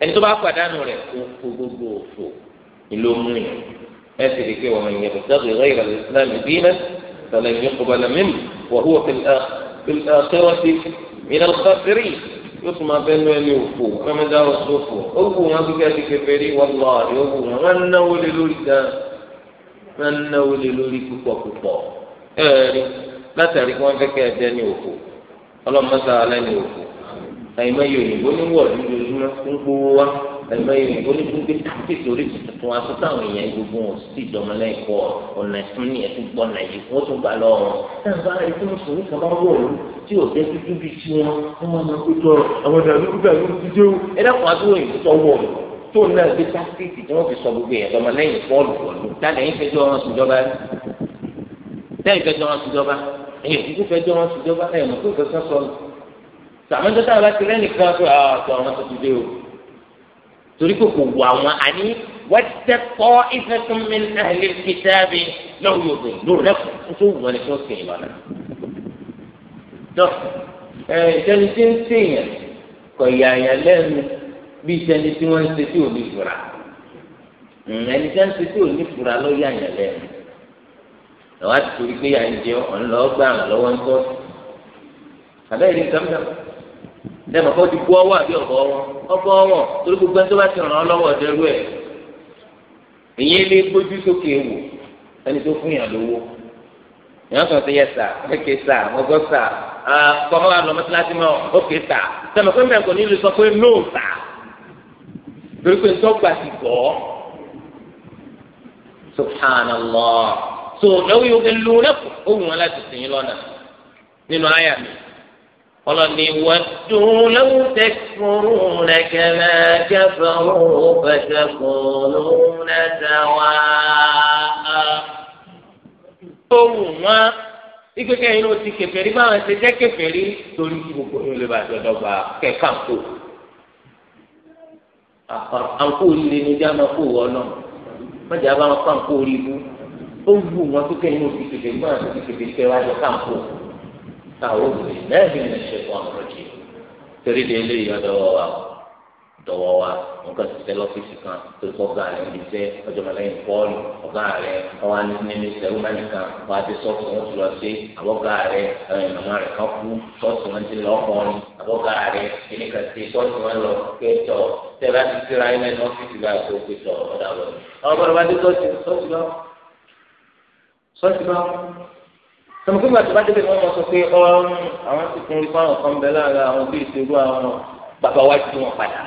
ẹni tó bá pàdánù rẹ̀ kó kó gbogbo òfò ìlú mú yẹn ẹ sì rí i pé wọn yẹn kò sábà ìrọ̀ ìrọ̀ islam dínà sọlá ìyẹn kò bá lámìm wà hùwà fìlàkẹ́rọ̀tì mìíràn káfírí yóò tún máa bẹ́ẹ̀ lóyún òfò mẹ́mẹ́dá òfò ó wù wọn kíkẹ́ ti kékeré wọn lọ àdé ó wù wọn wọn náwó lé lórí gan wọn náwó lé lórí púpọ̀ púpọ̀ ẹ̀ẹ́dì látàrí kí wọ́n fẹ́ kẹ́ ẹ dẹ́ ní òfò ọlọ́mọsá alẹ́ ní òfò ẹ̀yìn òyìnbó ní wọ̀ lójoojúmọ́ ń gbowó wá ẹ̀yìn mẹ́yìn òyìnbó ní gbogbo tábìlì orí tuntun aṣọ táwọn èèyàn gbogbo wọn sì dọ̀mọlẹ́ kọ ọ̀nà ẹ̀sùn ní ẹ̀sùn gbọ́ ọ̀nà yìí wọ́n tún gbà lọ wọn. sábà ètò ìṣòro kan bá wọ̀ ọ́ tí ò jẹ́ dúdú bíi tí wọn wọ́n máa máa kótó àwọn ìdàlúkú ìdàlúkú ti dé ẹ dákun àti òyìnbó tó wọ̀ tó náà gbé tákìtì tí wọ́n fi sọ gbogbo èèyàn tọmọ lẹ́yìn fọ́ọ̀lù pọ̀lú táyà ẹ̀yìn fẹjọ́ wọn sùjọba èyí ti fẹ́ jọ wọn ṣùjọba ẹ̀ mọ̀ tó kẹsàn sọ lọ sàmójọ́ táwọn bá ti rẹ́ nìkan tó àtọ̀ ah, àwọn tó ti dé o torí pé kò wù àwọn àní wẹ́tẹ́kọ́ ìfẹ́túnmí àhìlẹ́ kìtàbí lọ́wọ́ yóò dé lórí rẹ́pù tó wù wọn ni tó sìn ìlànà. dọ́kítà ẹ̀ ìjẹni tí ń sèèyàn kọ̀ yàyà lẹ́nu bí ìjẹni tí wọ́n ń ṣe tí ò ní fura hmm, ẹni tí wọ́n ń ṣe tí ò ní fura ló yàyà lẹ́nu. lọ́wọ́ àti torí pé yàn ọ̀nlọ́ gbà lọ́wọ́ ń tọ́ àbẹ́ ìdí nǹkan mìíràn lẹ́mọ̀ kó ti bu ọwọ́ àbí ọ̀bọ ọwọ́ ọwọ́ torí gbogbo ẹni tó bá ti ràn án lọ́wọ́ ọ̀dẹ́rú ẹ̀ ìyẹn lé gbójú sókè wò ẹni tó fún yàn lówó yàn sí yẹ sà sà sà kọ́mọ́ wa lọ mọ́tíláṣí mọ́ sà so lọ́wọ́ yóò lu lẹ́kọ̀ọ́ ó wù wọn láti sìn yín lọ́nà nínú àyà mi ọlọ́ni wàdùn lọ́wọ́ tẹ̀kùrù rẹ̀ kẹlẹ́ kẹfẹ́rù fẹsẹ̀kùrù lẹ́sẹ̀ wá. ó wù wọn ikeke yìí ló ti kèfèrí báwọn ṣe jẹ́ kèfèrí torí gbogbo yìí lè bá dọ̀dọ̀ gba kẹ̀kẹ́ àǹkó àǹkó lè ní jáma kó wọ́n náà mọ̀jà bá wọn kó àǹkó rí ibú ó wù wọn tó kẹ́yìn ní òfin kẹfẹ́ gbọ́n àti kẹfẹ́ tẹ wájú káàkó káwọn òfin náà bí wọn ṣe fún àwọn ọ̀rọ̀jì torí de ilé yìí ọ̀dọ́wọ́ wa dọ̀wọ́ wa nǹkan ti tẹ lọ́fíìsì kan tó kọ́ ọ̀gá rẹ̀ níbi iṣẹ́ ọjọ́ mọ̀lẹ́yìn pọ́ọ̀lù ọ̀gá rẹ̀ ọwọ́ nínú ìṣẹ̀rú mẹ́rin kan wọ́n ti sọ́ọ̀sì wọn ti lọ sí àbọ̀gá rẹ̀ ẹ̀yìn màmá rẹ̀ kan kú sọ́ọ̀sì wọn ti lọ ọkùnrin àbọ̀gá rẹ̀ kìnnìkan ti sọ́ọ̀sì wọn lọ kẹ́tọ̀ tẹ́lá ti síra ilẹ̀ ní ọ́fíìsì bá tó kẹ́tọ̀ ọ̀dà lọ. àwọn sọ́ọ̀tì máa ń sọmọkú gbàtí bá débẹ̀ wọ́n mọ̀ sọ pé ọ̀run àwọn ti kún ipá àwọn kan bẹ lára àwọn bí ìṣerú àwọn bàbá wa ti wọn padà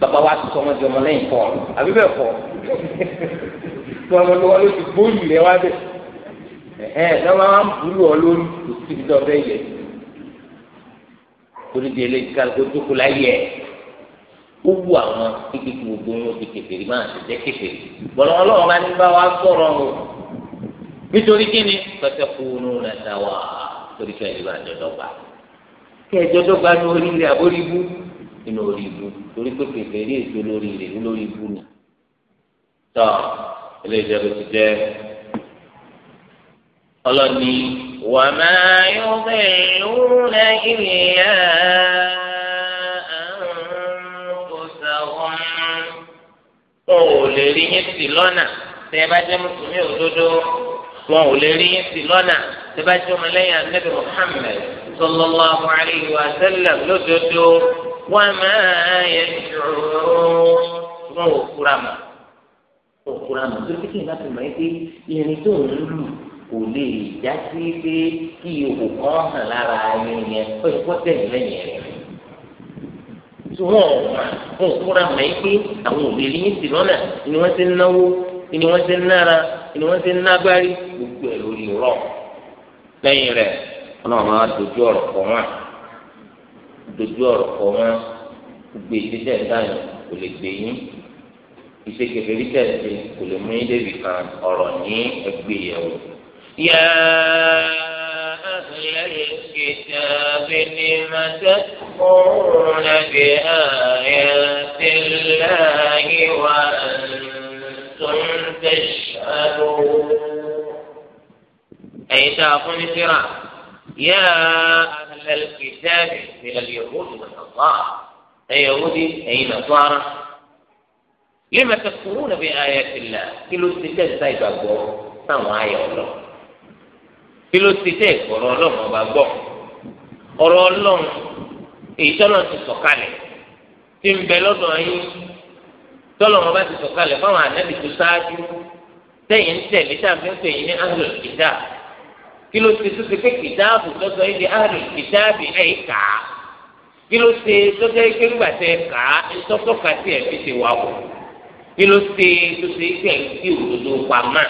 bàbá wa ti sọmọ di ọmọ lẹ́yìn fọ́ àbí bẹ́ẹ̀ fọ́ tí wọn lọ wọn ló ti bóyú rẹ wá bẹ ẹhẹ náà máa ń búlù ọ lórí kò síbi tó ọbẹ yẹ torí di eléyìí kálukó jókòó láyé ẹ ó wù àwọn kékeré gbogbo wọn ti kékeré máa ti jẹ kékeré bọlọ wọn lọ́wọ́ nítorí kíni pẹ̀tẹ́ kúnú rẹ̀ dáwà torí kí ẹ̀jọ̀ àjọ̀dọ̀gba kí ẹ̀jọ̀ dọ́gba ní oríire àbórí ibú nínú orí ibú torí pé kẹfẹ́ rí èso lórí rẹ̀ lórí ibú ni. tọ́ ilé ìjọba ti jẹ́ ọlọ́ni wà máa yóò fẹ́ ìrúnà ìlẹ̀yà wọn ò lè rí yín sí lọ́nà tẹ́ ẹ bá jẹ́ mùsùlùmí òdodo wọn ò lè rí yín sí lọ́nà tí bá jọmọ lẹ́yìn anabi muhammed sallallahu alayhi wa sallam lódodo wọn máa yẹ ṣòro wọn ò kúra mọ́ ò kúra mọ́ tó kékeré láti mọ̀ ẹ́ pé irin tó ń lù kò lè já sí pé kí ihò kan hàn lára ẹni yẹn ó yẹ lẹ́yìn rẹ̀ tí wọn ò mà wọn ò kúra mọ́ ẹ́ pé àwọn ò lè rí yín sí lọ́nà ni wọ́n ti náwó ni wọ́n ṣe ń nára ni wọ́n ṣe ń nágbárí gbogbo ẹ̀ lórí rọ̀ lẹ́yìn rẹ̀ ọlọ́run máa dojú ọ̀rọ̀ kọ wọn dojú ọ̀rọ̀ kọ wọn gbogbo ìdíjẹ́ ìdáyọ̀ kò lè gbé yín ìṣèkèfèrí tẹ̀sí kò lè mú yín débi kan ọ̀rọ̀ ní ẹgbẹ́ ìyẹ̀wò. yá ahlal kitabi lima tadkuruna bi ayati llahi wa antum. تشهدون أي تعرفون ترى يا أهل الكتاب من اليهود والنصارى أي يهودي أي نصارى لما تكفرون بآيات الله كيلو استتاج سايب أبوه سامع آية الله كيلو استتاج ọ̀rọ̀ ọlọ́run ọba gbọ́ ọ̀rọ̀ ọlọ́run èyí tọ́lọ̀ wọn bá ti sọ̀kalẹ̀ fáwọn ànábì tó ṣáájú tẹ̀yìn ń tẹ̀lé tàbí ń pè yín ní ahlul kitab kí ló ṣe tó ṣe pé kìtáàbù tó sọ yín di ahlul kitaabi ẹ̀ kà á kí ló ṣe tó ṣe pé nígbà tẹ kà á ìtọ́tọ́ka sí ẹ̀ fi ṣe wà wò kí ló ṣe tó ṣe pé ẹ̀ fi òdodo pa mọ́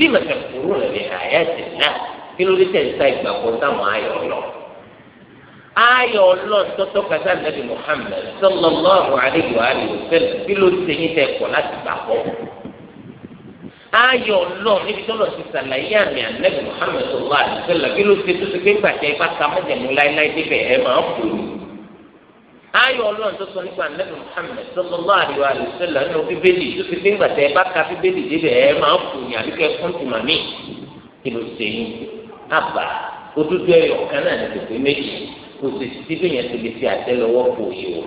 lè mọ̀tẹ̀ rẹ̀ ní àyà tẹ̀ náà kí ló dé tẹ̀ ayọ̀ ọlọ́ọ̀tọ́tọ́ kàtà nàbì Muhammad sallallahu alayhi wa alihi wa sallam bí ló ṣe yín tẹ kọ̀ láti gbà bọ́. ayọ̀ ọlọ́ọ̀ níbi tọ́lọ̀ ti sàlàyé àmì ànàbì Muhammad sallallahu alayhi wa sallam bí ló ṣe tó ṣe pé gbàjẹ́ ibà ká mọ́jẹ̀mú láéláé débẹ̀ ẹ̀ máa ń kú. ayọ̀ ọlọ́ọ̀tọ́tọ́ nípa ànàbì Muhammad sallallahu alayhi wa sallam nínú bíbélì tó ṣe pé gbàjẹ́ ibà ká bíbélì débẹ̀ ẹ̀ máa kú ní àbíkẹ́ fún tìmọ̀mí kò sì sí bí yẹn ti lè fi àtẹ́lẹwọ́ fò yìí o.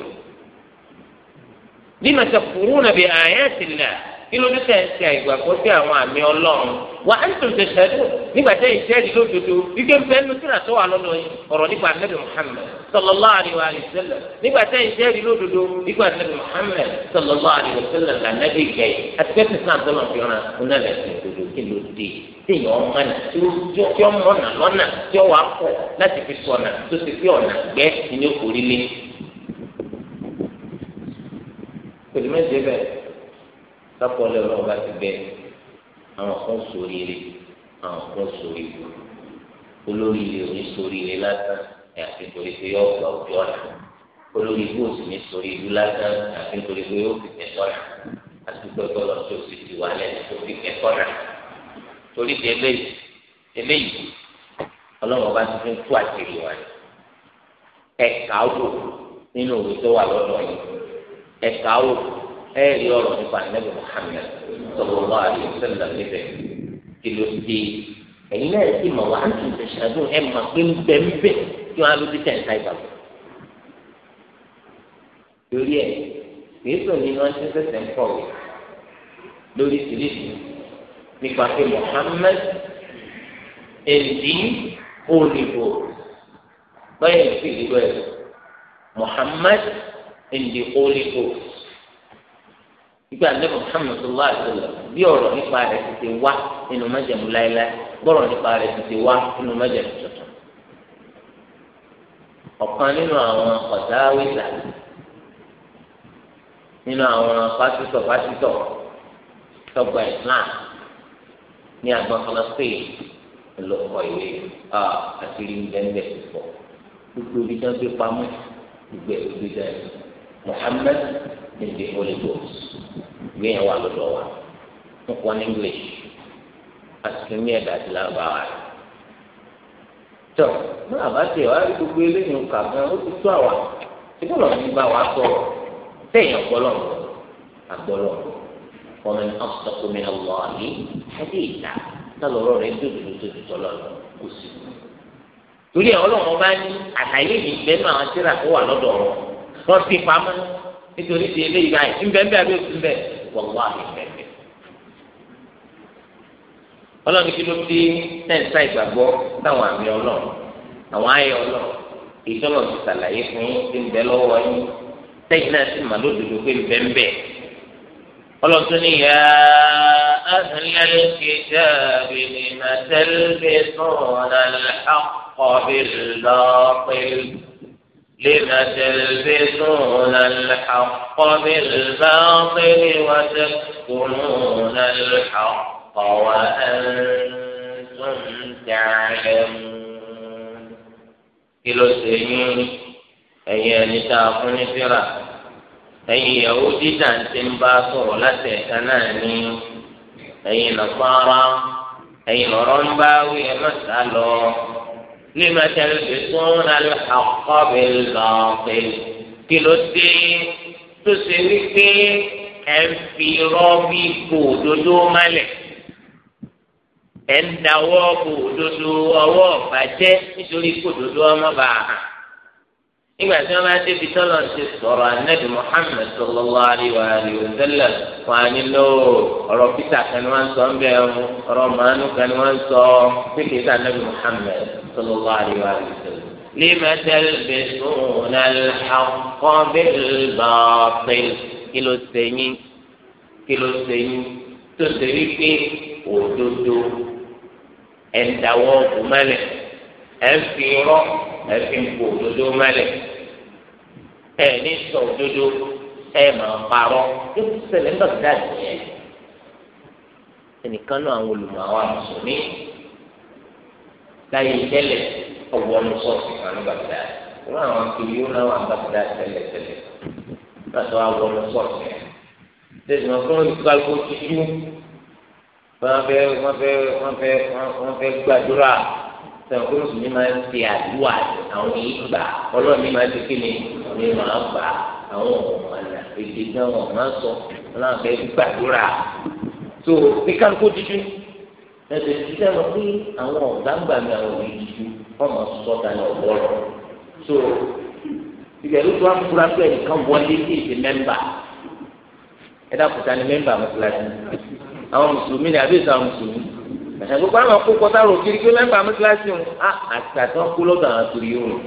lima takfuruna bi ayati llah kí ló dé tẹ̀ ń ṣe àìgbàgbọ́ sí àwọn àmì ọlọ́run wà á ń tòun ṣe ṣẹ́dùn nígbà tẹ́ ìṣẹ́ẹ̀dì lódodo wíkẹ́ ń bẹ́ẹ̀ nu síra tó wà lọ́dọ̀ yìí ọ̀rọ̀ nípa nẹ́bì Muhammad sallallahu alaihi wa sallam nígbà tẹ́ ìṣẹ́ẹ̀dì lódodo nígbà nẹ́bì Muhammad sallallahu alaihi wa sallam là nẹ́bì gẹ̀ẹ́ àti pẹ́ẹ́sì náà tó lọ́n fi ran onílẹ̀ lódodo kí ló dé téèyàn ọmọ náà tí ó mọ̀nà lọ́nà tí ó wà pọ̀ láti fi sọ̀nà tó ti fi ọ̀nà gbẹ́ ìní òkòrí pèlú méje bẹ́ẹ̀ kápọ̀lẹ́ ọlọ́run bá ti bẹ àwọn kan sórí rẹ àwọn kan sórí rẹ olórí rẹ ò ní sórí rẹ lásán ẹ̀ àti nítorí pé yọ ọgbà òjò ọ̀la olórí ibú òsì ní sórí ìlú lásán ẹ̀ àti nítorí pé yóò fi kẹ̀kọ́ rà àti gbẹgbẹ́ lọ sí òsì ti wà lẹ́nu tó fi kẹ̀kọ́ torí ti eléyìí eléyìí bá ti fi ń tú àṣírí wa ni ẹ̀ka wò nínú òwe tó wà lọ́dọ̀ yìí ẹ̀ka wò ẹ̀rí ọ̀rọ̀ nípa ànábì Muhammad sallallahu alaihi wasallam níbẹ̀ kí ló dé ẹ̀yin náà sì mọ̀ wá ní ìṣẹ̀ṣẹ̀dún ẹ̀ mà pé ń bẹ̀ ń bẹ̀ kí wọ́n á ló dé tẹ̀ǹtà ìgbàgbọ́. lórí ẹ̀ kìí sọ ní wọ́n ṣe fẹsẹ̀ ń kọ̀wé lórí sílẹ̀sì nípa pé Muhammad ẹ̀ǹdí òrìbò báyìí sí ìlú ẹ̀ Muhammad ẹ̀ǹdí òrìbò ìgbà nípa Muhammad sallallahu alaihi wa sallam bí ọ̀rọ̀ nípa rẹ̀ ti ti wá nínú májẹ̀mú láéláé bọ́rọ̀ nípa rẹ̀ ti ti wá nínú májẹ̀mú tuntun. ọ̀kan nínú àwọn ọ̀dáwìlà nínú àwọn pásítọ̀ pásítọ̀ tọgbà Islam ní àgbọn fọlọ́sìn lọ́kọ̀ ìwé àtìrí ńlẹ́ńlẹ́ pọ̀ gbogbo ibi tí wọ́n gbé pamọ́ ìgbẹ́ ìgbésẹ̀ Muhammad ní ìdí Holy ìwé yẹn wà lọ́dọ̀ wa wọ́n kọ́ ní English asùnmí ẹ̀dá ti lágbára rẹ̀ tọ́ ní àbáṣe wa rí gbogbo eléyìí nǹkan gan ó ti tó àwa tí kò lọ́ọ́ ní bá wa sọ̀rọ̀ sẹ́yìn ọ̀pọ̀lọ́ àgbọ̀lọ́ ọmọ ní ọ̀sọ̀kọ̀ mi ọ̀lọ́ ẹ̀dí ìta rẹ̀ wàláhì mẹ́fẹ́. ọlọ́run kí ló dé tẹ̀sán ìgbàgbọ́ táwọn àmì ọlọ́run àwọn ayé ọlọ́run ìtọ́nà ti sàlàyé fún yín tí ń bẹ lọ́wọ́ yín tẹ́yìn náà sì mà lódodo pé ń ń bẹ. ọlọ́run tó ní yá ahlẹ́lẹ́ kìtàbí ni màtẹ́lẹ́ sọ̀rọ̀ àlàkọ́ bí lọ́pẹ́lẹ́. لم تلبسون الحق بالباطل وتكتمون الحق وأنتم تعلمون كيلو سيمين أي أن تأخذ فرا أي يهودي تنتم باصر لتأتناني أي نصارى أي نرنباوي مسألو lima tẹlifisuna lè àkọ́bí lọ́ọ̀kì kí ló dé tó ṣe wípé ẹ dodo mọ́lẹ̀ ẹ ń dodo ọwọ́ bàjẹ́ nítorí kò dodo ọmọ bàá hàn nígbà tí wọn bá débi tọ́lọ̀ ti sọ̀rọ̀ anabi muhammed sallallahu alayhi wa alayhi wa sallam wọn á ní lò ọ̀rọ̀ peter kan ni wọ́n sọ ń bẹ̀ ọ́ ọ̀rọ̀ màánù kan ni sọ pété sí anabi muhammed sallallahu alayhi wa alayhi lima talbisuna al-haqqa bil-batil kí ló tó ṣe wípé òdodo ẹ̀dáwọ́ ògùnmọ́lẹ̀ ẹ̀ fi rọ́ ẹ̀fín kò dodo mẹ́lẹ̀ ẹ̀ ní sọ dodo ẹ̀ máa parọ́ yóò ṣẹlẹ̀ ń bàbá dàdí yẹn ẹnìkan náà àwọn olùmọ̀ àwọn àmùsùnmí láyé tẹ́lẹ̀ ọ̀wọ́ ní sọ́ọ̀sì kan ní bàbá dàdí wọ́n àwọn akéwì yóò náà wà bàbá dàdí tẹ́lẹ̀ tẹ́lẹ̀ látọ̀ sọ́ọ̀sì yẹn tẹ̀sí wọn fún ìkálukú tuntun wọn fẹ́ wọn fẹ́ wọn fẹ́ wọn fẹ́ gbàdúrà sẹ́wọ̀n kó mùsùlùmí máa ń fi àdúrà àwọn ìgbà ọlọ́run mi máa ń fi kí ni mi máa gbà àwọn ọ̀nà èdè náà wọ́n máa sọ ọlọ́run fẹ́ gbàdúrà tó ní kálukú jíjú ẹsẹ̀ ti sẹ́nu pé àwọn ọ̀gá ń gbà mí àwọn òbí jíjú wọ́n máa sọ dání ọ̀bọ̀rọ̀ tó ìgbẹ̀rú tó ń fura pé ẹnìkan wọlé sí ìdí mẹ́mbà ẹ̀dá kùtà ni mẹ́mbà mọ́tíláṣí àwọn mùsùlùmí ni àbí ìsàn mùsùlùmí ẹ̀sẹ̀ gbogbo àwọn akókò tá a rò kiri pé mẹ́fà mẹ́tíláṣí ń àtàtà kú lọ́dọ̀ àwọn torí yóò rò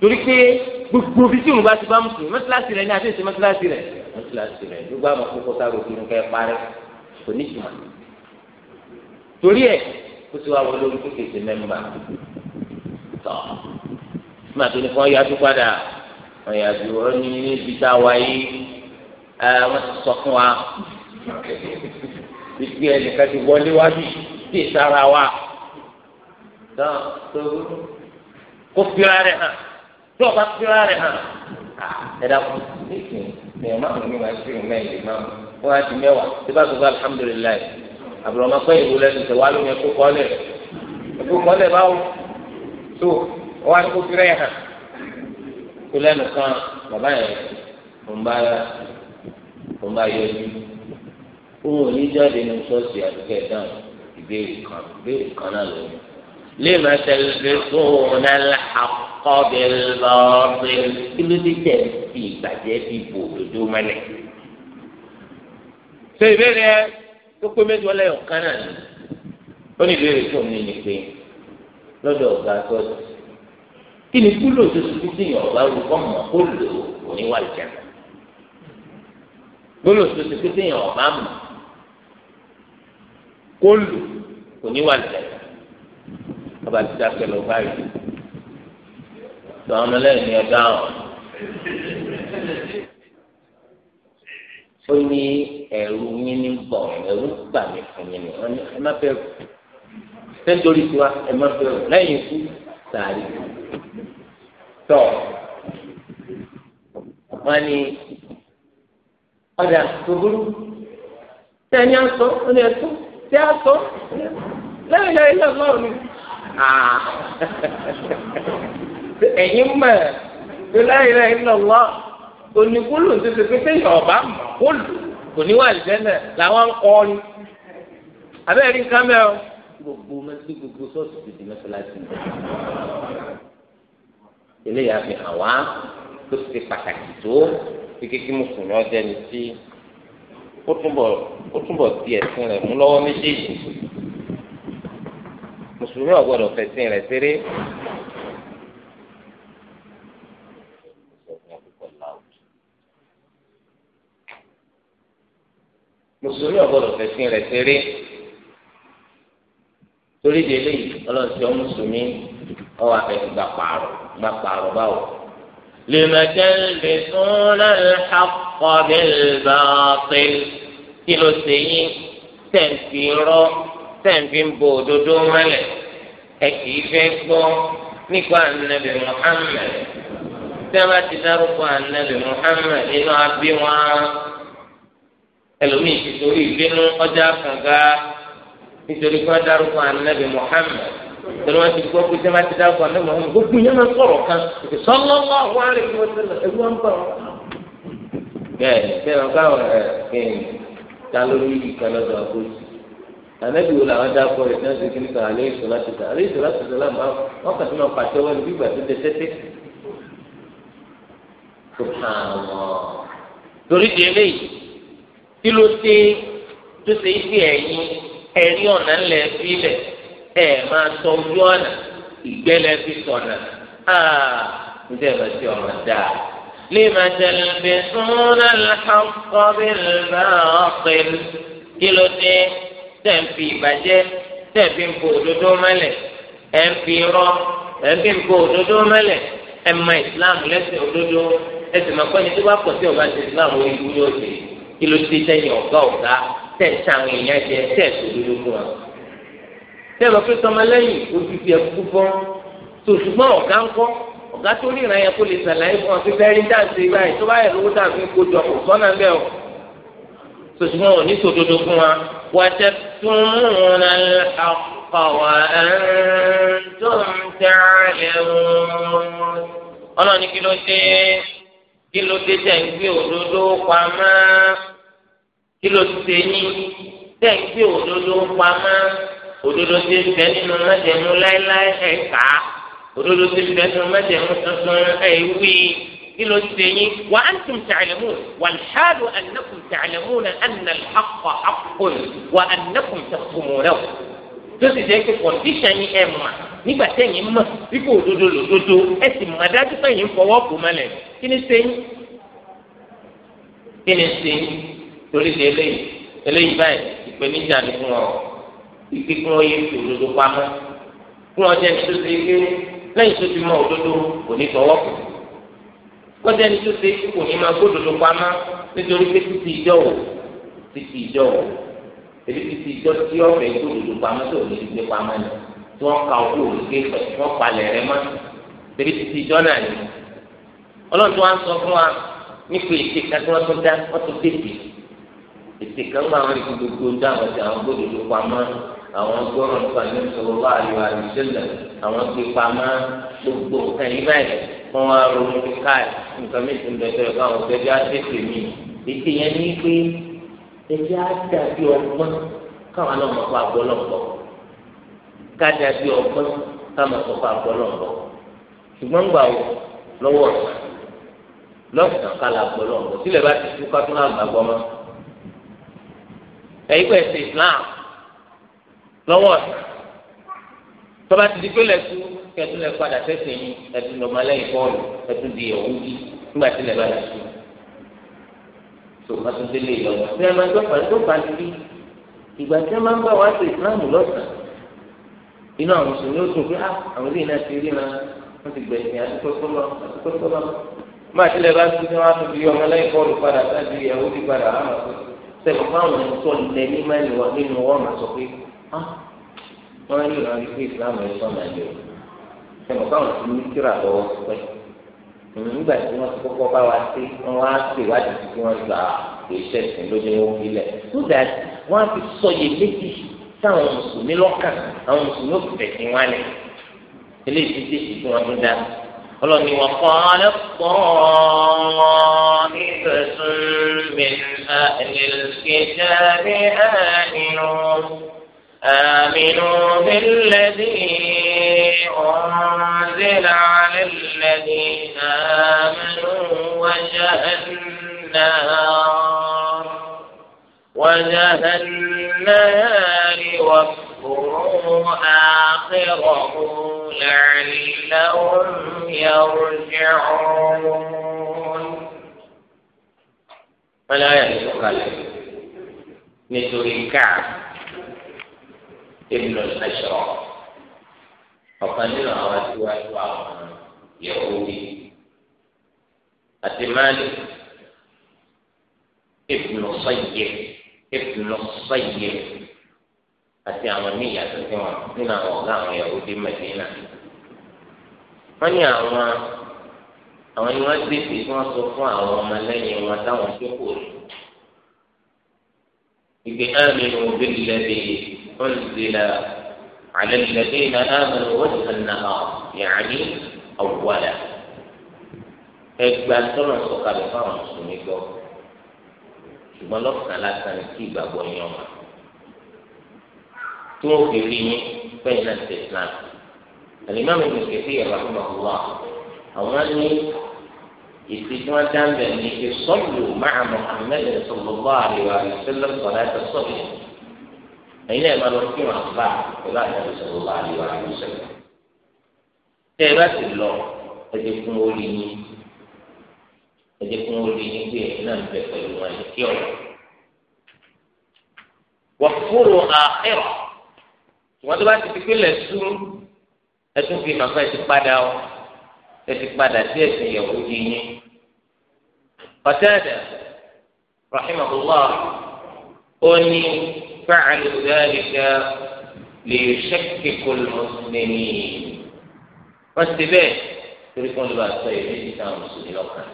torí pé gbogbo bí tí òun bá ti bá mùsùlùmí mẹ́tíláṣí rẹ̀ ní àti èsì mẹ́tíláṣí rẹ̀ mẹ́tíláṣí rẹ̀ gbogbo àwọn akókò tá a rò kiri kẹ́ parẹ́ kò ní ìtumọ̀ torí ẹ̀ kó ti wá wọ lórí kékeré mẹ́mbà tọ́ má tó ní kọ́ yájú padà wọ́n yájú ọ ní níbi tá ẹnìkan ti wọlé wájú yìí tí ì sára wa tán tó kó fira rẹ̀ hàn tí ọba fira rẹ̀ hàn ẹ dàpọ̀ nísìnyí ní ẹ̀ máa ń ní wàá fi mẹ́rin lè máa mú wọ́n á ti mẹ́wàá tí bá gbogbo alihamudulilayi àbúrò ọmọ pé ìwúlẹ̀ ti tẹ̀ wá lómi ẹ̀kú kọ́lẹ̀ ẹ̀kú kọ́lẹ̀ báwo tó wọ́n kó fira yẹn hàn kó lẹ́nu kan bàbá yẹn ń bá ń bá yọjú òun ní jáde ní sọ́ọ̀sì àdúgbò ẹ̀ dáhùn béèrè kan béèrè kan náà lónìí. lima talbisuna al-haqqa bil-batil kí ló dé tẹ̀ fi ìgbàjẹ́ fi bò dodo mẹ́lẹ̀. ṣé ìbéèrè ẹ tó pé méjì wọlé ọ̀kan náà ni ó ní ìbéèrè tó ní ní pé lọ́dọ̀ ọ̀gá sọ́ọ̀tì kí ni kúlò tó ti fi dìyàn ọ̀gá olùkọ́ mọ̀ kó lò oníwàlùjẹ́ náà gbólóso ti pété yàn ọba mọ kó lù kò ní wà lẹ ọba ti dákẹ́ lọ báyìí tó àwọn ni ọ̀dá hàn ó ní ẹ̀rù yín ní bọ̀ ẹ̀rù gbà mí fún yín ni wọ́n ní ẹ má bẹ̀rù nítorí tiwa ẹ má bẹ̀rù lẹ́yìn ikú sàárì tọ̀ wọ́n ní ọ̀dà gbogbo tẹ̀ ní à ń sọ ó ní ẹ̀ tó tí a sọ lẹ́yìn lẹ́yìn lẹ́yìn lọ́wọ́ ni ah. ẹ̀yin mọ̀ ẹ́ lẹ́yìn lẹ́yìn lọ́wọ́ oníkúlù tó ṣe pé téèyàn ọ̀bá mọ̀ kó lù kò ní wà lẹ́nà làwọn ń kọ́ ni abẹ́rẹ́ rí nǹkan mẹ́ gbogbo mẹ́sí gbogbo sọ́ọ̀sì ti di mẹ́sàlásì ni eléyàá fi hàn wá tó ti pàtàkì tó kékeré mú kùnú ọjọ́ ẹni tí ó túnbọ̀ ó túnbọ̀ ti ẹ̀sìn rẹ̀ mú lọ́wọ́ méjèèjì mùsùlùmí ò gbọ́dọ̀ fẹ̀sìn rẹ̀ ṣeré. mùsùlùmí ò gbọ́dọ̀ fẹ̀sìn rẹ̀ ṣeré torí délé yìí ọlọ́sẹ̀ ọ́ mùsùlùmí ọwọ́ àfẹ́sí gbà pààrọ̀ gbà pààrọ̀ báwò. lè lè tún lẹ́rìn ṣàkó. الحق بالباطل كيلو سيين تنفيرو تنفين بودو دومل أكيفكو نكوى النبي محمد كما تدرك النبي محمد إنه أبي ẹlòmíì ti torí ìbínú ọjà kànga nítorí kí dárúkọ anabi muhammed tẹlẹ wọn ti gbọ́ pé sẹ ti dárúkọ anabi muhammed gbogbo yẹn máa sọ̀rọ̀ kan sọlọ àwọn arìnrìn wọn wọn bẹ́ẹ̀ bẹ́ẹ̀ káwọn ẹ̀ kẹ́yìn ta lórí ìkan lọ́dọ̀ àkóso ànábì wo làwọn dá kọ́ ẹ̀ náà ṣe kíni kan àlẹ́ ìṣọ̀lá ti ta àlẹ́ ìṣọ̀lá ti ta láàmú wọn kàn sí máa pàṣẹ wọn níbi ìgbà tó dé tẹ́tẹ́ torí di eléyìí kí ló dé tó ṣe ibi ẹ̀yìn ẹ̀rí ọ̀nà ńlẹ̀ fílẹ̀ ẹ̀ máa sọ ojú ọ̀nà ìgbẹ́lẹ̀ fi sọ̀nà áà ń tẹ̀ bá ti ọ̀nà dáa lima tẹlifisuna alḥaqabi albaaqil kílódé tẹ̀m̀fì ìbàjẹ́ tẹ̀m̀fì ń bò òdodo mẹ́lẹ̀ ẹ̀m̀fì rọ ẹ̀m̀fì ń bò òdodo mẹ́lẹ̀ ẹ̀mà islam lẹ́sìn òdodo ẹ̀sìn máa pẹ́ni tó bá pọ̀ sí ọba ti islam ó yú yóò ṣe kílódé tẹ̀yìn ọ̀gá ọ̀gá tẹ̀sí àwọn èèyàn jẹ tẹ̀sí òdodo fún wa. tẹ̀mọ̀ pé sọmọlẹ́yìn ojú ti ẹ̀kú bọ́ tòṣùgbọ́n ọ̀gá ńkọ́ ọ̀gá tó ríran yẹn kó lè sàlàyé fún ọ pé fẹ́ẹ́ rí dáǹsì báyìí tó bá yẹ lówó dáǹsì ń kojú ọkọ̀ sọ́nà ń bẹ̀ o sòṣùmọ́ ò ní sòdodo fún wa wà á tẹ tún múna ọkọ̀ wà á tó ń tẹ́ ẹ̀wọ̀n. ọlọ́ni kí ló dé kí ló dé tẹ̀ ń gbé òdodo pamọ́ kí ló ṣe yín tẹ̀ ń gbé òdodo pamọ́ òdodo ti ń nínú mẹ́tẹ̀ẹ̀mú láéláé ẹ̀ka òdodo ti bẹ tó mẹtẹ ń tuntun ẹwí kí ló ṣe yín wà á tún tàlẹ́mù wàlhálù ànákùn tàlẹ́mù náà ànà àkọ́ àkùn wà ànákùn tàkùmù rẹ̀ tó sì jẹ́ pé kọ̀ǹdíṣàn yín ẹ̀ mà nígbà tẹ̀yìn mọ̀ bí òdodo lòdodo ẹ̀ sì mà dájú pé fọwọ́ kò mọ́lẹ̀ kí ni ṣe torí eléyìí báyìí ìpèníjà ni fún ọ ìpínpín oyè òdodo pamọ́ fún ọjọ́ ìṣòṣe kékeré lẹ́yìn tó ti mọ òdodo kò ní tọwọ́ kù kọjá ní tó ṣe é kò ní máa gbódodo pamọ́ nítorí pé títí ìjọ wò títí ìjọ wò èdè títí ìjọ tí ọ̀fẹ́ gbódodo pamọ́ tó ní gbé pamọ́ ni tí wọ́n ka owó òrùké pẹ̀ tí wọ́n palẹ̀ rẹ mọ́ èdè títí ìjọ náà ni ọlọ́run tó wá ń sọ fún wa nípa ètè kan tí wọ́n tún dá wọ́n tún tètè ètè kan máa ń rí gbogbo àwọn gbódodo pamọ́ àwọn gbọ́rọ̀ nípa ní sọ̀rọ̀ àyọ̀ àyùsẹ̀lẹ̀ àwọn ti pamọ́ gbogbo nǹkan yìí báyìí wọ́n wá ronú bí káì nǹkan méjì ń bẹ̀rẹ̀ sọ̀rọ̀ káwọn ọ̀gbẹ́jọ́ á tètè mí ètè yẹn ní pé ẹjẹ́ á dàbí ọgbọ́n káwọn náà mọ̀ fún agbọ́lọ́pọ̀ ká dàbí ọgbọ́n káwọn sọ fún agbọ́lọ́pọ̀ ṣùgbọ́n gbà wọ lọ́wọ́ lọ́sàn kálá agbọ́lọ́pọ̀ Islam lọ́wọ́ tọba ti di pé lẹsùn kẹtù lẹ padà sẹsẹ yín ẹtù lọmọ lẹ́yìn bọ́ọ̀lù ẹtù di ẹwù yìí nígbà tí lẹ bá lẹ sùn tó má tó délé lọ́wọ́. ṣé ẹ máa gbọ́ pàdé tó bá ti di ìgbà tí ẹ máa ń bá wa ṣe ìsìláàmù lọ́sàn-án inú àwọn mùsùlùmí ó tún pé á ah, àwọn ilé iná ti rí na wọ́n ti gbẹ̀sìn àti kọ́sọ́lọ́ àti kọ́sọ́lọ́ má ti lẹ bá sùn tí wọ́n á tún di ọmọ lẹ́yìn bọ́ọ̀lù padà sáà di ẹwù Ah. wọ́n á ní ìran wípé islam ẹ̀ sọ̀nà yìí o ẹ̀mọ̀ káwọn ti ní kíra lọ́wọ́ pẹ́ nígbà tí wọ́n ti kọ́kọ́ bá wa sí wọ́n á ṣèwádìí tí wọ́n gbà iṣẹ́ ìsìn lójú wọn fi lẹ̀ nígbà tí wọ́n á fi sọyè méjì táwọn mùsùlùmí lọ́kàn àwọn mùsùlùmí òkú tẹ̀sí wọn lẹ̀ eléyìí ti tẹ̀sí tí wọ́n tún dá ọlọ́ni wọn kọ́ ọ́nẹ́ pọ́ ìfẹ̀sùn mi ẹ̀ẹ́dẹ̀ẹ́dẹ́gbẹ̀jẹ̀ آمنوا بالذي أنزل على الذين آمنوا وجه النهار وجه النهار واكفروا آخره لعلهم يرجعون فلا يحزنك نسوا الكعب ابن الأشراف ọ̀kan nínú àwọn aṣíwájú àwọn yahudi àti Malik ibnu sọyẹ ibnu sọyẹ àti àwọn míì yàtọ̀ sí wọn nínú àwọn ọ̀gá àwọn yahudi Mẹdínà wọn ní àwọn àwọn ni wọn gbèsè tí wọn sọ fún àwọn ọmọlẹ́yìn wọn táwọn jókòó rẹ ìgbé àmì ìwòbí lẹbi yìí. أنزل على الذين آمنوا وجه النهار يعني أولا ẹgbẹ́ atọ́nà sọ̀kalẹ̀ fáwọn mùsùlùmí gbọ́ ṣùgbọ́n lọ́kàn lásán kí ìgbàgbọ́ yẹn wà tí wọ́n fi rí yín fẹ́yìn náà ṣe islam alimami nìkẹ́sí yàrá fún ọ̀húnwá àwọn ní ìsìnkú adámbẹ̀ ní ìsọ̀lù máa Muhammad sallallahu alaihi wa sallam sọ̀rọ̀ ẹ̀sọ̀ sọ̀rọ̀ ẹ̀yin náà máa lọ kí wọn àgbà pẹ̀lú àtàlù sọ̀rọ̀ bá àlè wà lóṣù sọ̀rọ̀. tẹ́ ẹ bá sì lọ ẹ̀jẹ̀ fún orí yín ẹ̀jẹ̀ fún orí yín pé ẹ̀yin náà ń bẹ pẹ̀lú wọn ẹ̀ kí ọ̀rọ̀. wọ́n fúru àkẹ́rọ̀ wọ́n tó bá ti fi pínlẹ̀ ẹtún fi hàn fún padà ọ ẹ padà sí ẹ̀sìn ìyàwó di yín. ọ̀tẹ́ẹ̀dẹ̀ rahimahullah ó ní. فعلوا ذلك ليشككوا المسلمين والسبب تريكون لبعض السيد إنسان مسلمين لو كان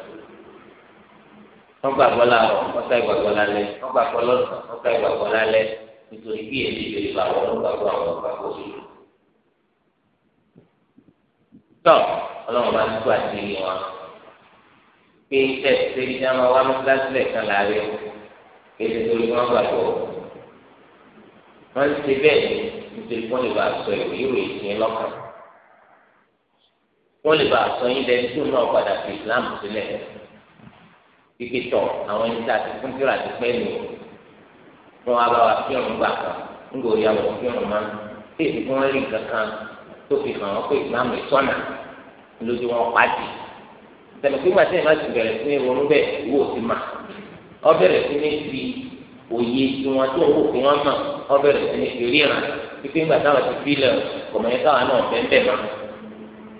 wọ́n gbà gbọ́ láàrọ̀ wọ́n sá ìgbà gbọ́ lálẹ́ wọ́n gbà gbọ́ lọ́sàn wọ́n sá ìgbà gbọ́ lálẹ́ nítorí bí èdè ìbèrè bá wọn wọ́n gbà gbọ́ àwọn ọgbà gbọ́ òṣèlú. tọ́ ọlọ́run bá ń tó àṣírí wọn pé tẹ̀sí ṣe ìdáná wa mú kíláàsì lẹ̀ kan láàrin èdè torí gbọ́ wọn ti bẹ́ẹ̀ nítorí wọn lè bá aṣọ ìwé ìwé ìsìn lọ́kàn wọn lè bá aṣọ yín dẹni tó náà padà fi Islam sílẹ̀ kíkẹ tọ àwọn ẹni a ti fún ti pẹ́ nù bá wa fi gbà kan ńgò ya fi máa fún tó fi Islam lójú wọn gbàtẹ́ bẹ̀rẹ̀ sí ní ronú bẹ́ẹ̀ òye tí wọn tó wò fún wọn mọ ọbẹrẹ sí ní ìríran pípé ńgbà táwọn ti fi lẹ kọmọ yẹn káwọn náà bẹ́ẹ̀ mọ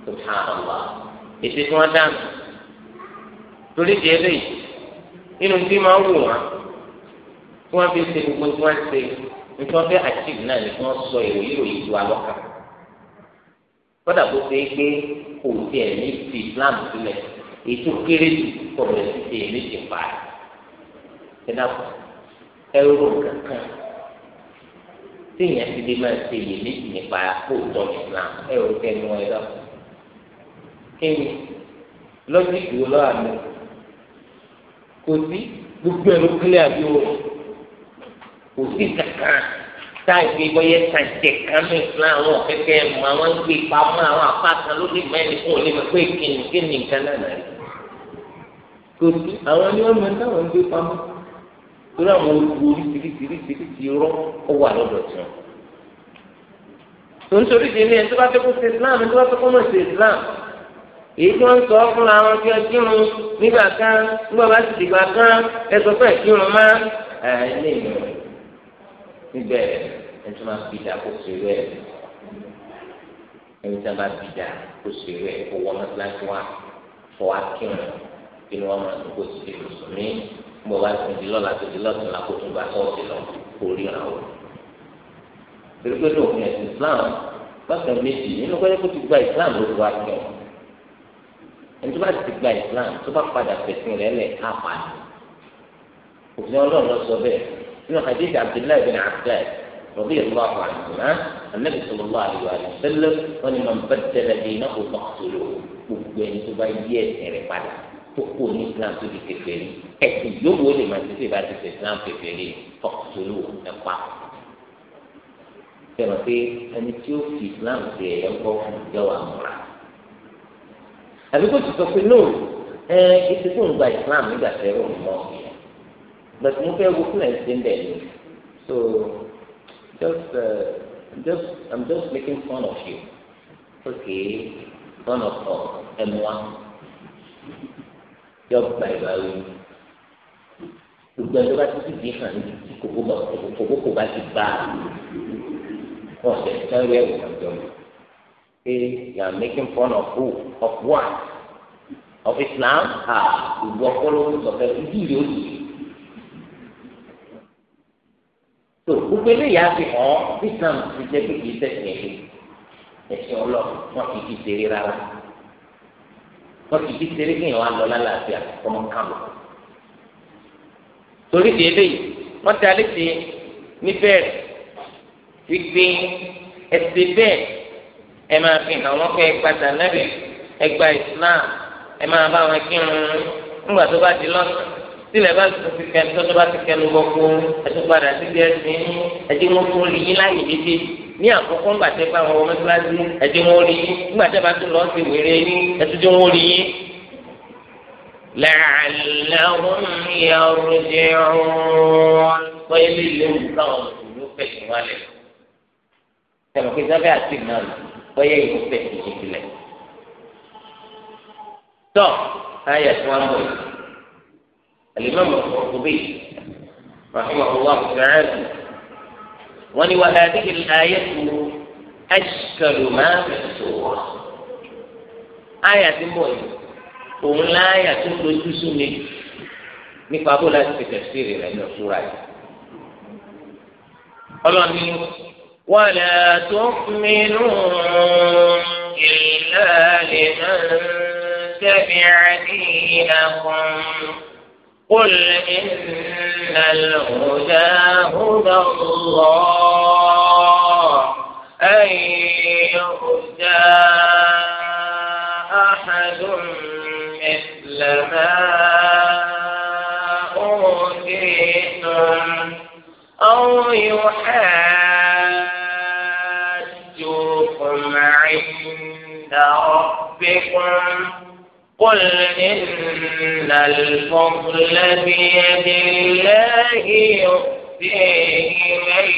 subhanallah ètò tí wọn dànù torí di eléyìí nínú tí máa wù wọn tí wọn fi ṣe gbogbo tí wọn ṣe nítorí wọn fẹ́ àtìkù náà ni wọn sọ ìròyìn ìròyìn ju alọkà kódà bó ṣe é pé kò tiẹ̀ ní ti Islam sílẹ̀ ètò kéré jù kọ̀ọ̀rọ̀ sí ti èmi ti pa ẹ̀ dákun ẹrù kankan tí ìyẹn ti di máa ṣe yìí méjì nípa àpòtọ islam ẹrù kẹnu ẹ lọ kí ni lọ́jìkì wo lọ́wọ́ àmì kò sí gbogbo ẹ̀rọ kílẹ̀ àbí o kò sí kankan táàgbé bọ́yẹ sàjẹ̀ kan ní islam wọn kẹ́kẹ́ mọ àwọn gbé pamọ́ àwọn apákan lórí mẹ́rin fún òní mi pé kí ni kí ni nǹkan náà rí kò sí àwọn ni wọ́n mọ táwọn gbé pamọ́ torí àwọn olùkú oríṣiríṣiríṣiríṣi irọ́ ó wà lọ́dọ̀ tí wọn. nítorí ìdílé ẹni tó bá fẹ́ kó ṣe islam ẹni tó bá fẹ́ kó mọ̀ ṣe islam èyí tí wọ́n sọ fúnra wọn fi ọkírun nígbà kan nígbà bá ti dìgbà kan ẹsọ fún ẹkírun má ẹ ní ìlú níbẹ̀ ẹni tó máa fi dà kó ṣe rẹ̀ ẹni tó máa fi dà kó ṣe rẹ̀ owó ọmọ kíláàsì wa fọ akírun kí ni wọ́n máa tó kó ṣe mùsùlùmí mo bá tún di lọ́la tó di lọ́tún la kó tún bá sọ́ọ̀tì lọ kó ra o. pèrèpèrè òfin ẹ̀sìn Islam bákan méjì nínú kọ́lẹ́ kó ti gba Islam ló wá sí ọ. ẹni tó bá ti gba Islam tó bá padà fẹ̀sìn rẹ̀ lẹ̀ á pa ni. òfin ọlọ́run lọ sọ bẹ́ẹ̀ nínú hadith Abdullahi bin Abbas radiyallahu anhuma anabi sallallahu alayhi wa sallam wọn ni man baddala dinahu faqtuluhu gbogbo ẹni tó kókó ní islam tó di kékeré ẹ̀sìn yóò wọlé màá ti sèba ti sè islam kékeré fọkùtòlù ẹ̀pá. sẹ́wọ̀n pé ẹni tí ó fi islam ṣe ẹ̀yẹ ńkọ́ yọ̀wọ̀ àmúra. àbí kò sì sọ pé no ẹ ètò tó ń gba islam nígbà tẹ́ ẹ̀rọ mọ́ bẹ̀sẹ̀ mo fẹ́ wo fún ẹ̀sìn ń bẹ̀ ni so just uh, just I'm just making fun of you okay fun of us ẹ̀ wa yọ gba ìwà wí gbogbo ẹjọ́ bá ti ti di hàn ní kòkòkò bá ti bá ọ̀sẹ̀ sáré ẹwọ àjọ pé you are making fun of who of what of Islam ah gbogbo ọpọlọ ló sọ fẹ́ ojú rẹ ó yìí tó gbogbo eléyà fi hàn Islam ti jẹ pé kì í ṣẹ̀sìn ẹ̀sìn ọlọ́run wọn kì í fi ṣeré rárá wọn kì í kí èèyàn á lọ lálàáfíà ọmọ kàmù torí di eléyìí wọn ti alẹ́ ti níbẹ̀rẹ̀ wípé ẹsẹ̀ bẹ́ẹ̀ ẹ máa fi hàn wọn pé ẹgbàdà nẹ́bẹ̀ ẹgbà Islam ẹ máa bá wọn kírun nígbà tó bá di lọ́sàn sílẹ̀ bá tó ti kẹ́ tó bá ti kẹ́ ló bọ́ kó ẹtú padà sí bí ẹsìn ẹtí wọn fún yín láyè méjèèjì ní àkọ́kọ́ ńgbà tẹ́ bá wọn mọ́tíláṣí ẹ̀jẹ̀ wọn rí yín ńgbà tẹ́ bá tún lọ sí wèrè yín ẹ̀túnjẹ́ wọn rí yín. la'allahum yarji'un bóyá lè léwu káwọn mùsùlùmí ó fẹ̀sìn wọn lẹ̀. ẹ̀rọ pé sábẹ́ àti náà bóyá ìlú fẹ̀sìn yìí tọ́ ayé tí wọ́n bọ̀ yìí alimami ọ̀gbìn rahimahullah ṣẹ́yìn wọ́n ní وهذه الآية أشكل ما في السورة àyà tí mo yìí òun láyà tó lójú sú mi nípa bó láti fi tẹ̀síìrì rẹ̀ lọ súra yìí. ọlọ́ni ولا تؤمنون إلا لمن تبع دينكم. قل إن الهدى هدى الله أن يهدى أحد مثل ما أوتيتم أو يحاجوكم عند ربكم قل إن الفضل بيد الله يؤتيه من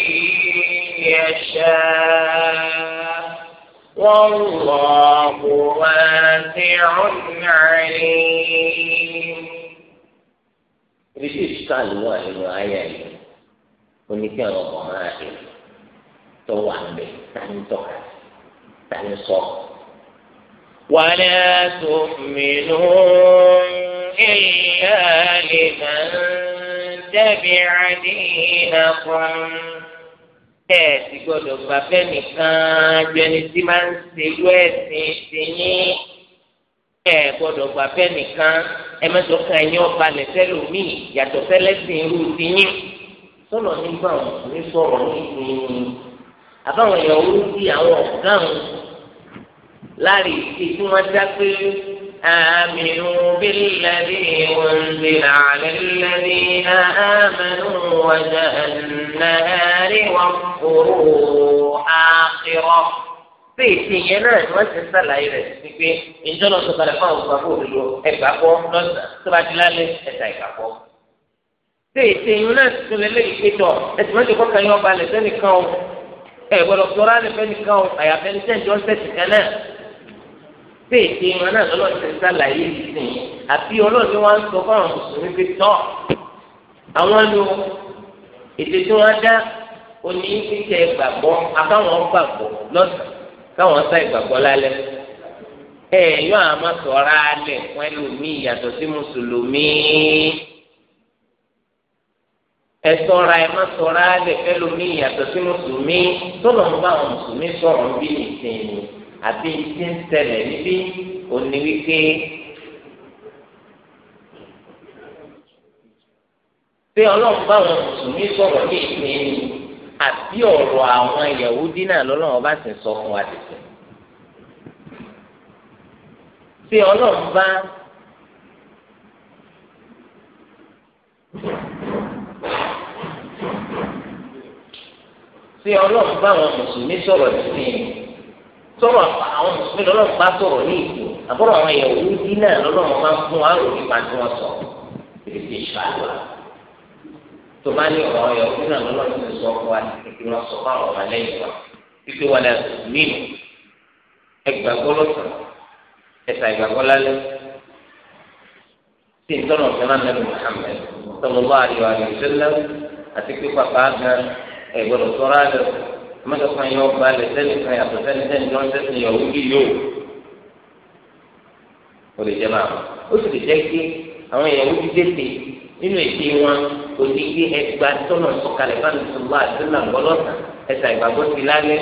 يشاء والله واسع عليم ليش إشكال الله الآية ونكي الله ما أعلم به عمي تعني تعني صوت ولا تؤمنوا إلا لمن تبع دينكم ẹ ti gbọ́dọ̀ gbà fẹ́nìkan jẹni tí máa ń ṣe irú ẹ̀sìn tìyín ẹ gbọ́dọ̀ gbà fẹ́nìkan ẹ mẹsọ kan ẹ̀yin ọba lẹsẹ lómi yàtọ̀ fẹlẹsìn irú tìyín sọlọ nígbà wọn ní sọ̀rọ̀ ní ìlú àbáwọn èèyàn orí àwọn ọgá wọn láàrin ìdí tí wọ́n dá pé آمنوا بالذي أنزل على الذين آمنوا وجه النهار واكفروا آخره bí ìsìnyẹn náà ni wọ́n ti ń sàlàyé rẹ̀ sí ìjọba sọ̀kalẹ̀ fún àwọn ìgbàgbọ́ òdodo ẹ̀gbàgbọ́ lọ́sàn tó bá di lálẹ́ ẹ̀ta ìgbàgbọ́. bí ìsìnyẹn náà ti tún lélẹ́ ìpéjọ ẹ̀sìn mọ́tò kọ́kàn yín ọba alẹ́ sẹ́nìkan o ẹ̀ gbọ́dọ̀ sọ̀rọ̀ alẹ́ fẹ́nìkan o àyàfẹ́ni sẹ́ńtì ọ̀sẹ̀ tìkan pé èdè wọn náà lọ́nà ti sàlàyé ìsìn àbí ọlọ́ọ̀ni wọn ń sọ fáwọn mùsùlùmí pé tọ́ àwọn lo èdè tí wọ́n dá òní kíkẹ́ gbàgbọ́ àbáwọn gbàgbọ́ lọ́sàn káwọn sá ìgbàgbọ́ lálẹ́ ẹ yọ àmọ́ sọ̀rọ̀ alẹ̀ fún ẹlòmíì yàtọ̀ sí mùsùlùmí ẹ sọ̀rọ̀ ẹ má sọ̀rọ̀ alẹ̀ fún ẹlòmíì yàtọ̀ sí mùsùlùmí tó lọ́n bá àwọn mùsùlùmí sọ̀rọ̀ bí nìsín ni àbí ti ń ṣẹlẹ̀ níbí òní wípé pé ọlọ́run báwọn mùsùlùmí sọ̀rọ̀ ní ìpín ni àbí ọ̀rọ̀ àwọn Yahudi náà lọ́lọ́run bá sì sọ fún wa tètè. pé ọlọ́run bá pé ọlọ́run báwọn mùsùlùmí sọ̀rọ̀ ní ìpín ni sọ̀rọ̀ àwọn mùsùlùmí lọ́lọ́run bá sọ̀rọ̀ ní ìlú àbúrò àwọn èèyàn òní bí náà lọ́lọ́run máa ń fún àrò nípa tí wọ́n sọ èdè tí ìṣọ àlọ́ tó bá ní ọ̀rọ̀ ọ̀yọ́ òní náà lọ́lọ́run ti sọ fún wa kí wọ́n sọ fún àwọn ọmọ lẹ́yìn wa wípé wọn lè nínú ẹgbàgbọ́ lọ́sàn ẹ̀sà ìgbàgbọ́ lálẹ́ tí ń ọ̀sán náà mọ́tòkàn yọ balẹ̀ sẹ́nìkan yàtọ̀ sẹ́nìkan yọ sẹ́sìn yọ wíwí yóò o lè jẹ máa mọ̀ ó sì lè jẹ́ pé àwọn èèyàn wíwí tètè nínú èdè wọn kò ní gbé ẹgbà tọ́nà sọ̀kalẹ̀ bá mi sọ̀rọ̀ àdúrà gbọ́lọ́sà ẹ̀sà ìgbàgbọ́ ti lálẹ́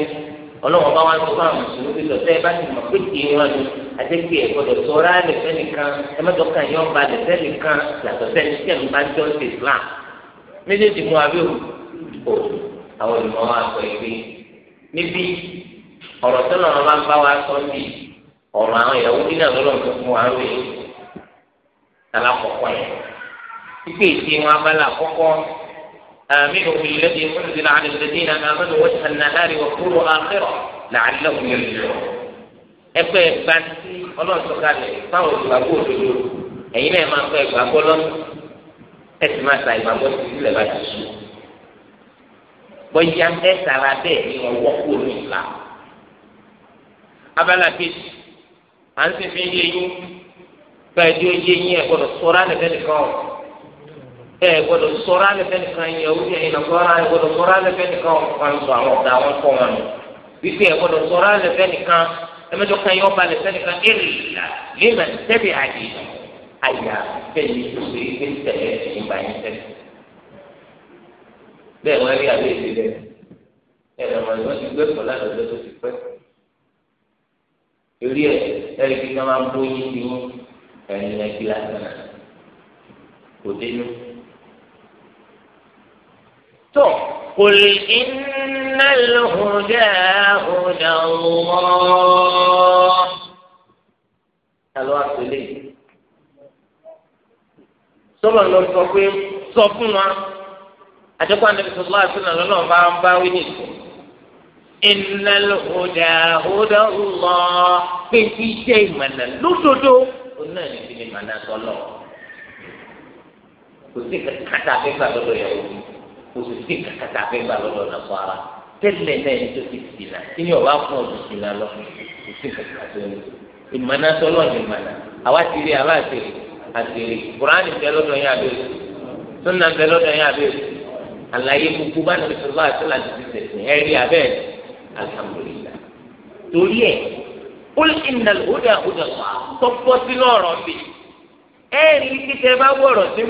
ọlọ́wọ́n bá wá sọ fún àwọn mùsùlùmí lọ sẹ́yìn bá ti mọ̀ pé kì wọn ni àtẹ́kì ẹ̀ gbọ́dọ̀ sọ̀rọ̀ àlẹ́ sẹ́nìkan ẹ mọ́tò kan yọ̀ ba àlẹ́ sẹ́nìkan yàtọ̀ sẹ́nìkan bá jọ́ sí Islam méjèèjì mú abẹ́ òkú àwọn olùmọ̀ wa sọ pé níbí ọ̀rọ̀ tó lọ́rọ̀ bá ń bá wa sọ bí ọ̀rọ̀ àwọn ìyàwó nínú àlọ́lọ́ tó fún wa rè é alákọ̀ọ́kọ́ yẹn pípé ìdí wọn abala àkọ́kọ́ آمنوا بالذي أنزل على الذين آمنوا وجه النهار وكونوا آخرة لعلهم يرجعون ẹgbẹ́ ẹgbà tí ọlọ́run tó kalẹ̀ fáwọn olùgbàgbọ́ òdodo ẹ̀yin náà máa ń fẹ́ ìgbàgbọ́ lọ́nà ẹ̀sìn máa ta ìgbàgbọ́ sí ilẹ̀ bá ti sùn bóyá ẹ sara bẹ́ẹ̀ ni wọ́n wọ́pọ̀ ní ìlà. abala kejì à ń sèfé yé yín bẹ́ẹ̀ di oyé yín ẹ̀ gbọ́dọ̀ sọ́ra lẹ́fẹ́ nìkan o ẹ̀ gbọ́dọ̀ sọ́ra lẹ́fẹ́ nìkan yẹn o yẹn ìnàkọ́ra ẹ̀ gbọ́dọ̀ sọ́ra lẹ́fẹ́ nìkan o wọ́n sọ àwọn ọ̀dà wọn kọ́ wọn nù wípé ẹ̀ gbọ́dọ̀ sọ́ra lẹ́fẹ́ nìkan ẹ̀mẹ́jọ kan yọ ọba lẹ́fẹ́ nìkan èrìlá lẹ́mẹ̀ tẹ́bi àdì àyà bẹ́ẹ̀ bẹ́ẹ̀ wọ́n rí àlẹ́ ìdí rẹ̀ ẹ̀ lọ́mọ ìwọ́n ti gbé pọ̀ láti ọjọ́ tó ti pẹ́. Eré ẹ̀ ẹ̀rí kí wọ́n máa ń bóyí sí ẹ̀yìn ẹ̀kí lásán kò dénú. Tó قل إن الهدى هدى الله الواصلين. Sọ́lọ́ lọ sọ pé sọ fún wa àtẹkọ anabi sọlá àtúnà lọlọrun bá ń bá wí nìkú innal huda huda Allah pèsè iṣẹ́ ìmọ̀nà lódodo òun náà ni ìdílé ìmọ̀nà sọlọ kò sí kàkàtà àfẹ́gbà lọ́dọ̀ yẹ̀wò kò sí kàkàtà àfẹ́gbà lọ́dọ̀ nàfọ́ara tẹ́lẹ̀ náà ní tó ti sì nà kí ni ọba fún ọdún sì nà lọ kò sí kàkàtà tó ní ìmọ̀nà sọlọ ní ìmọ̀nà àwa ti rí àwa àti àti àlàyé gbogbo bá nàbẹ sọlá àtàlà ti ti sẹsìn ẹ rí abẹ alhamdulillah torí ẹ kúlù ìnàlù ó dà ó dà wà tọpọ sínú ọ̀rọ̀ mi ẹ rí kíkẹ bá wọrọ sí.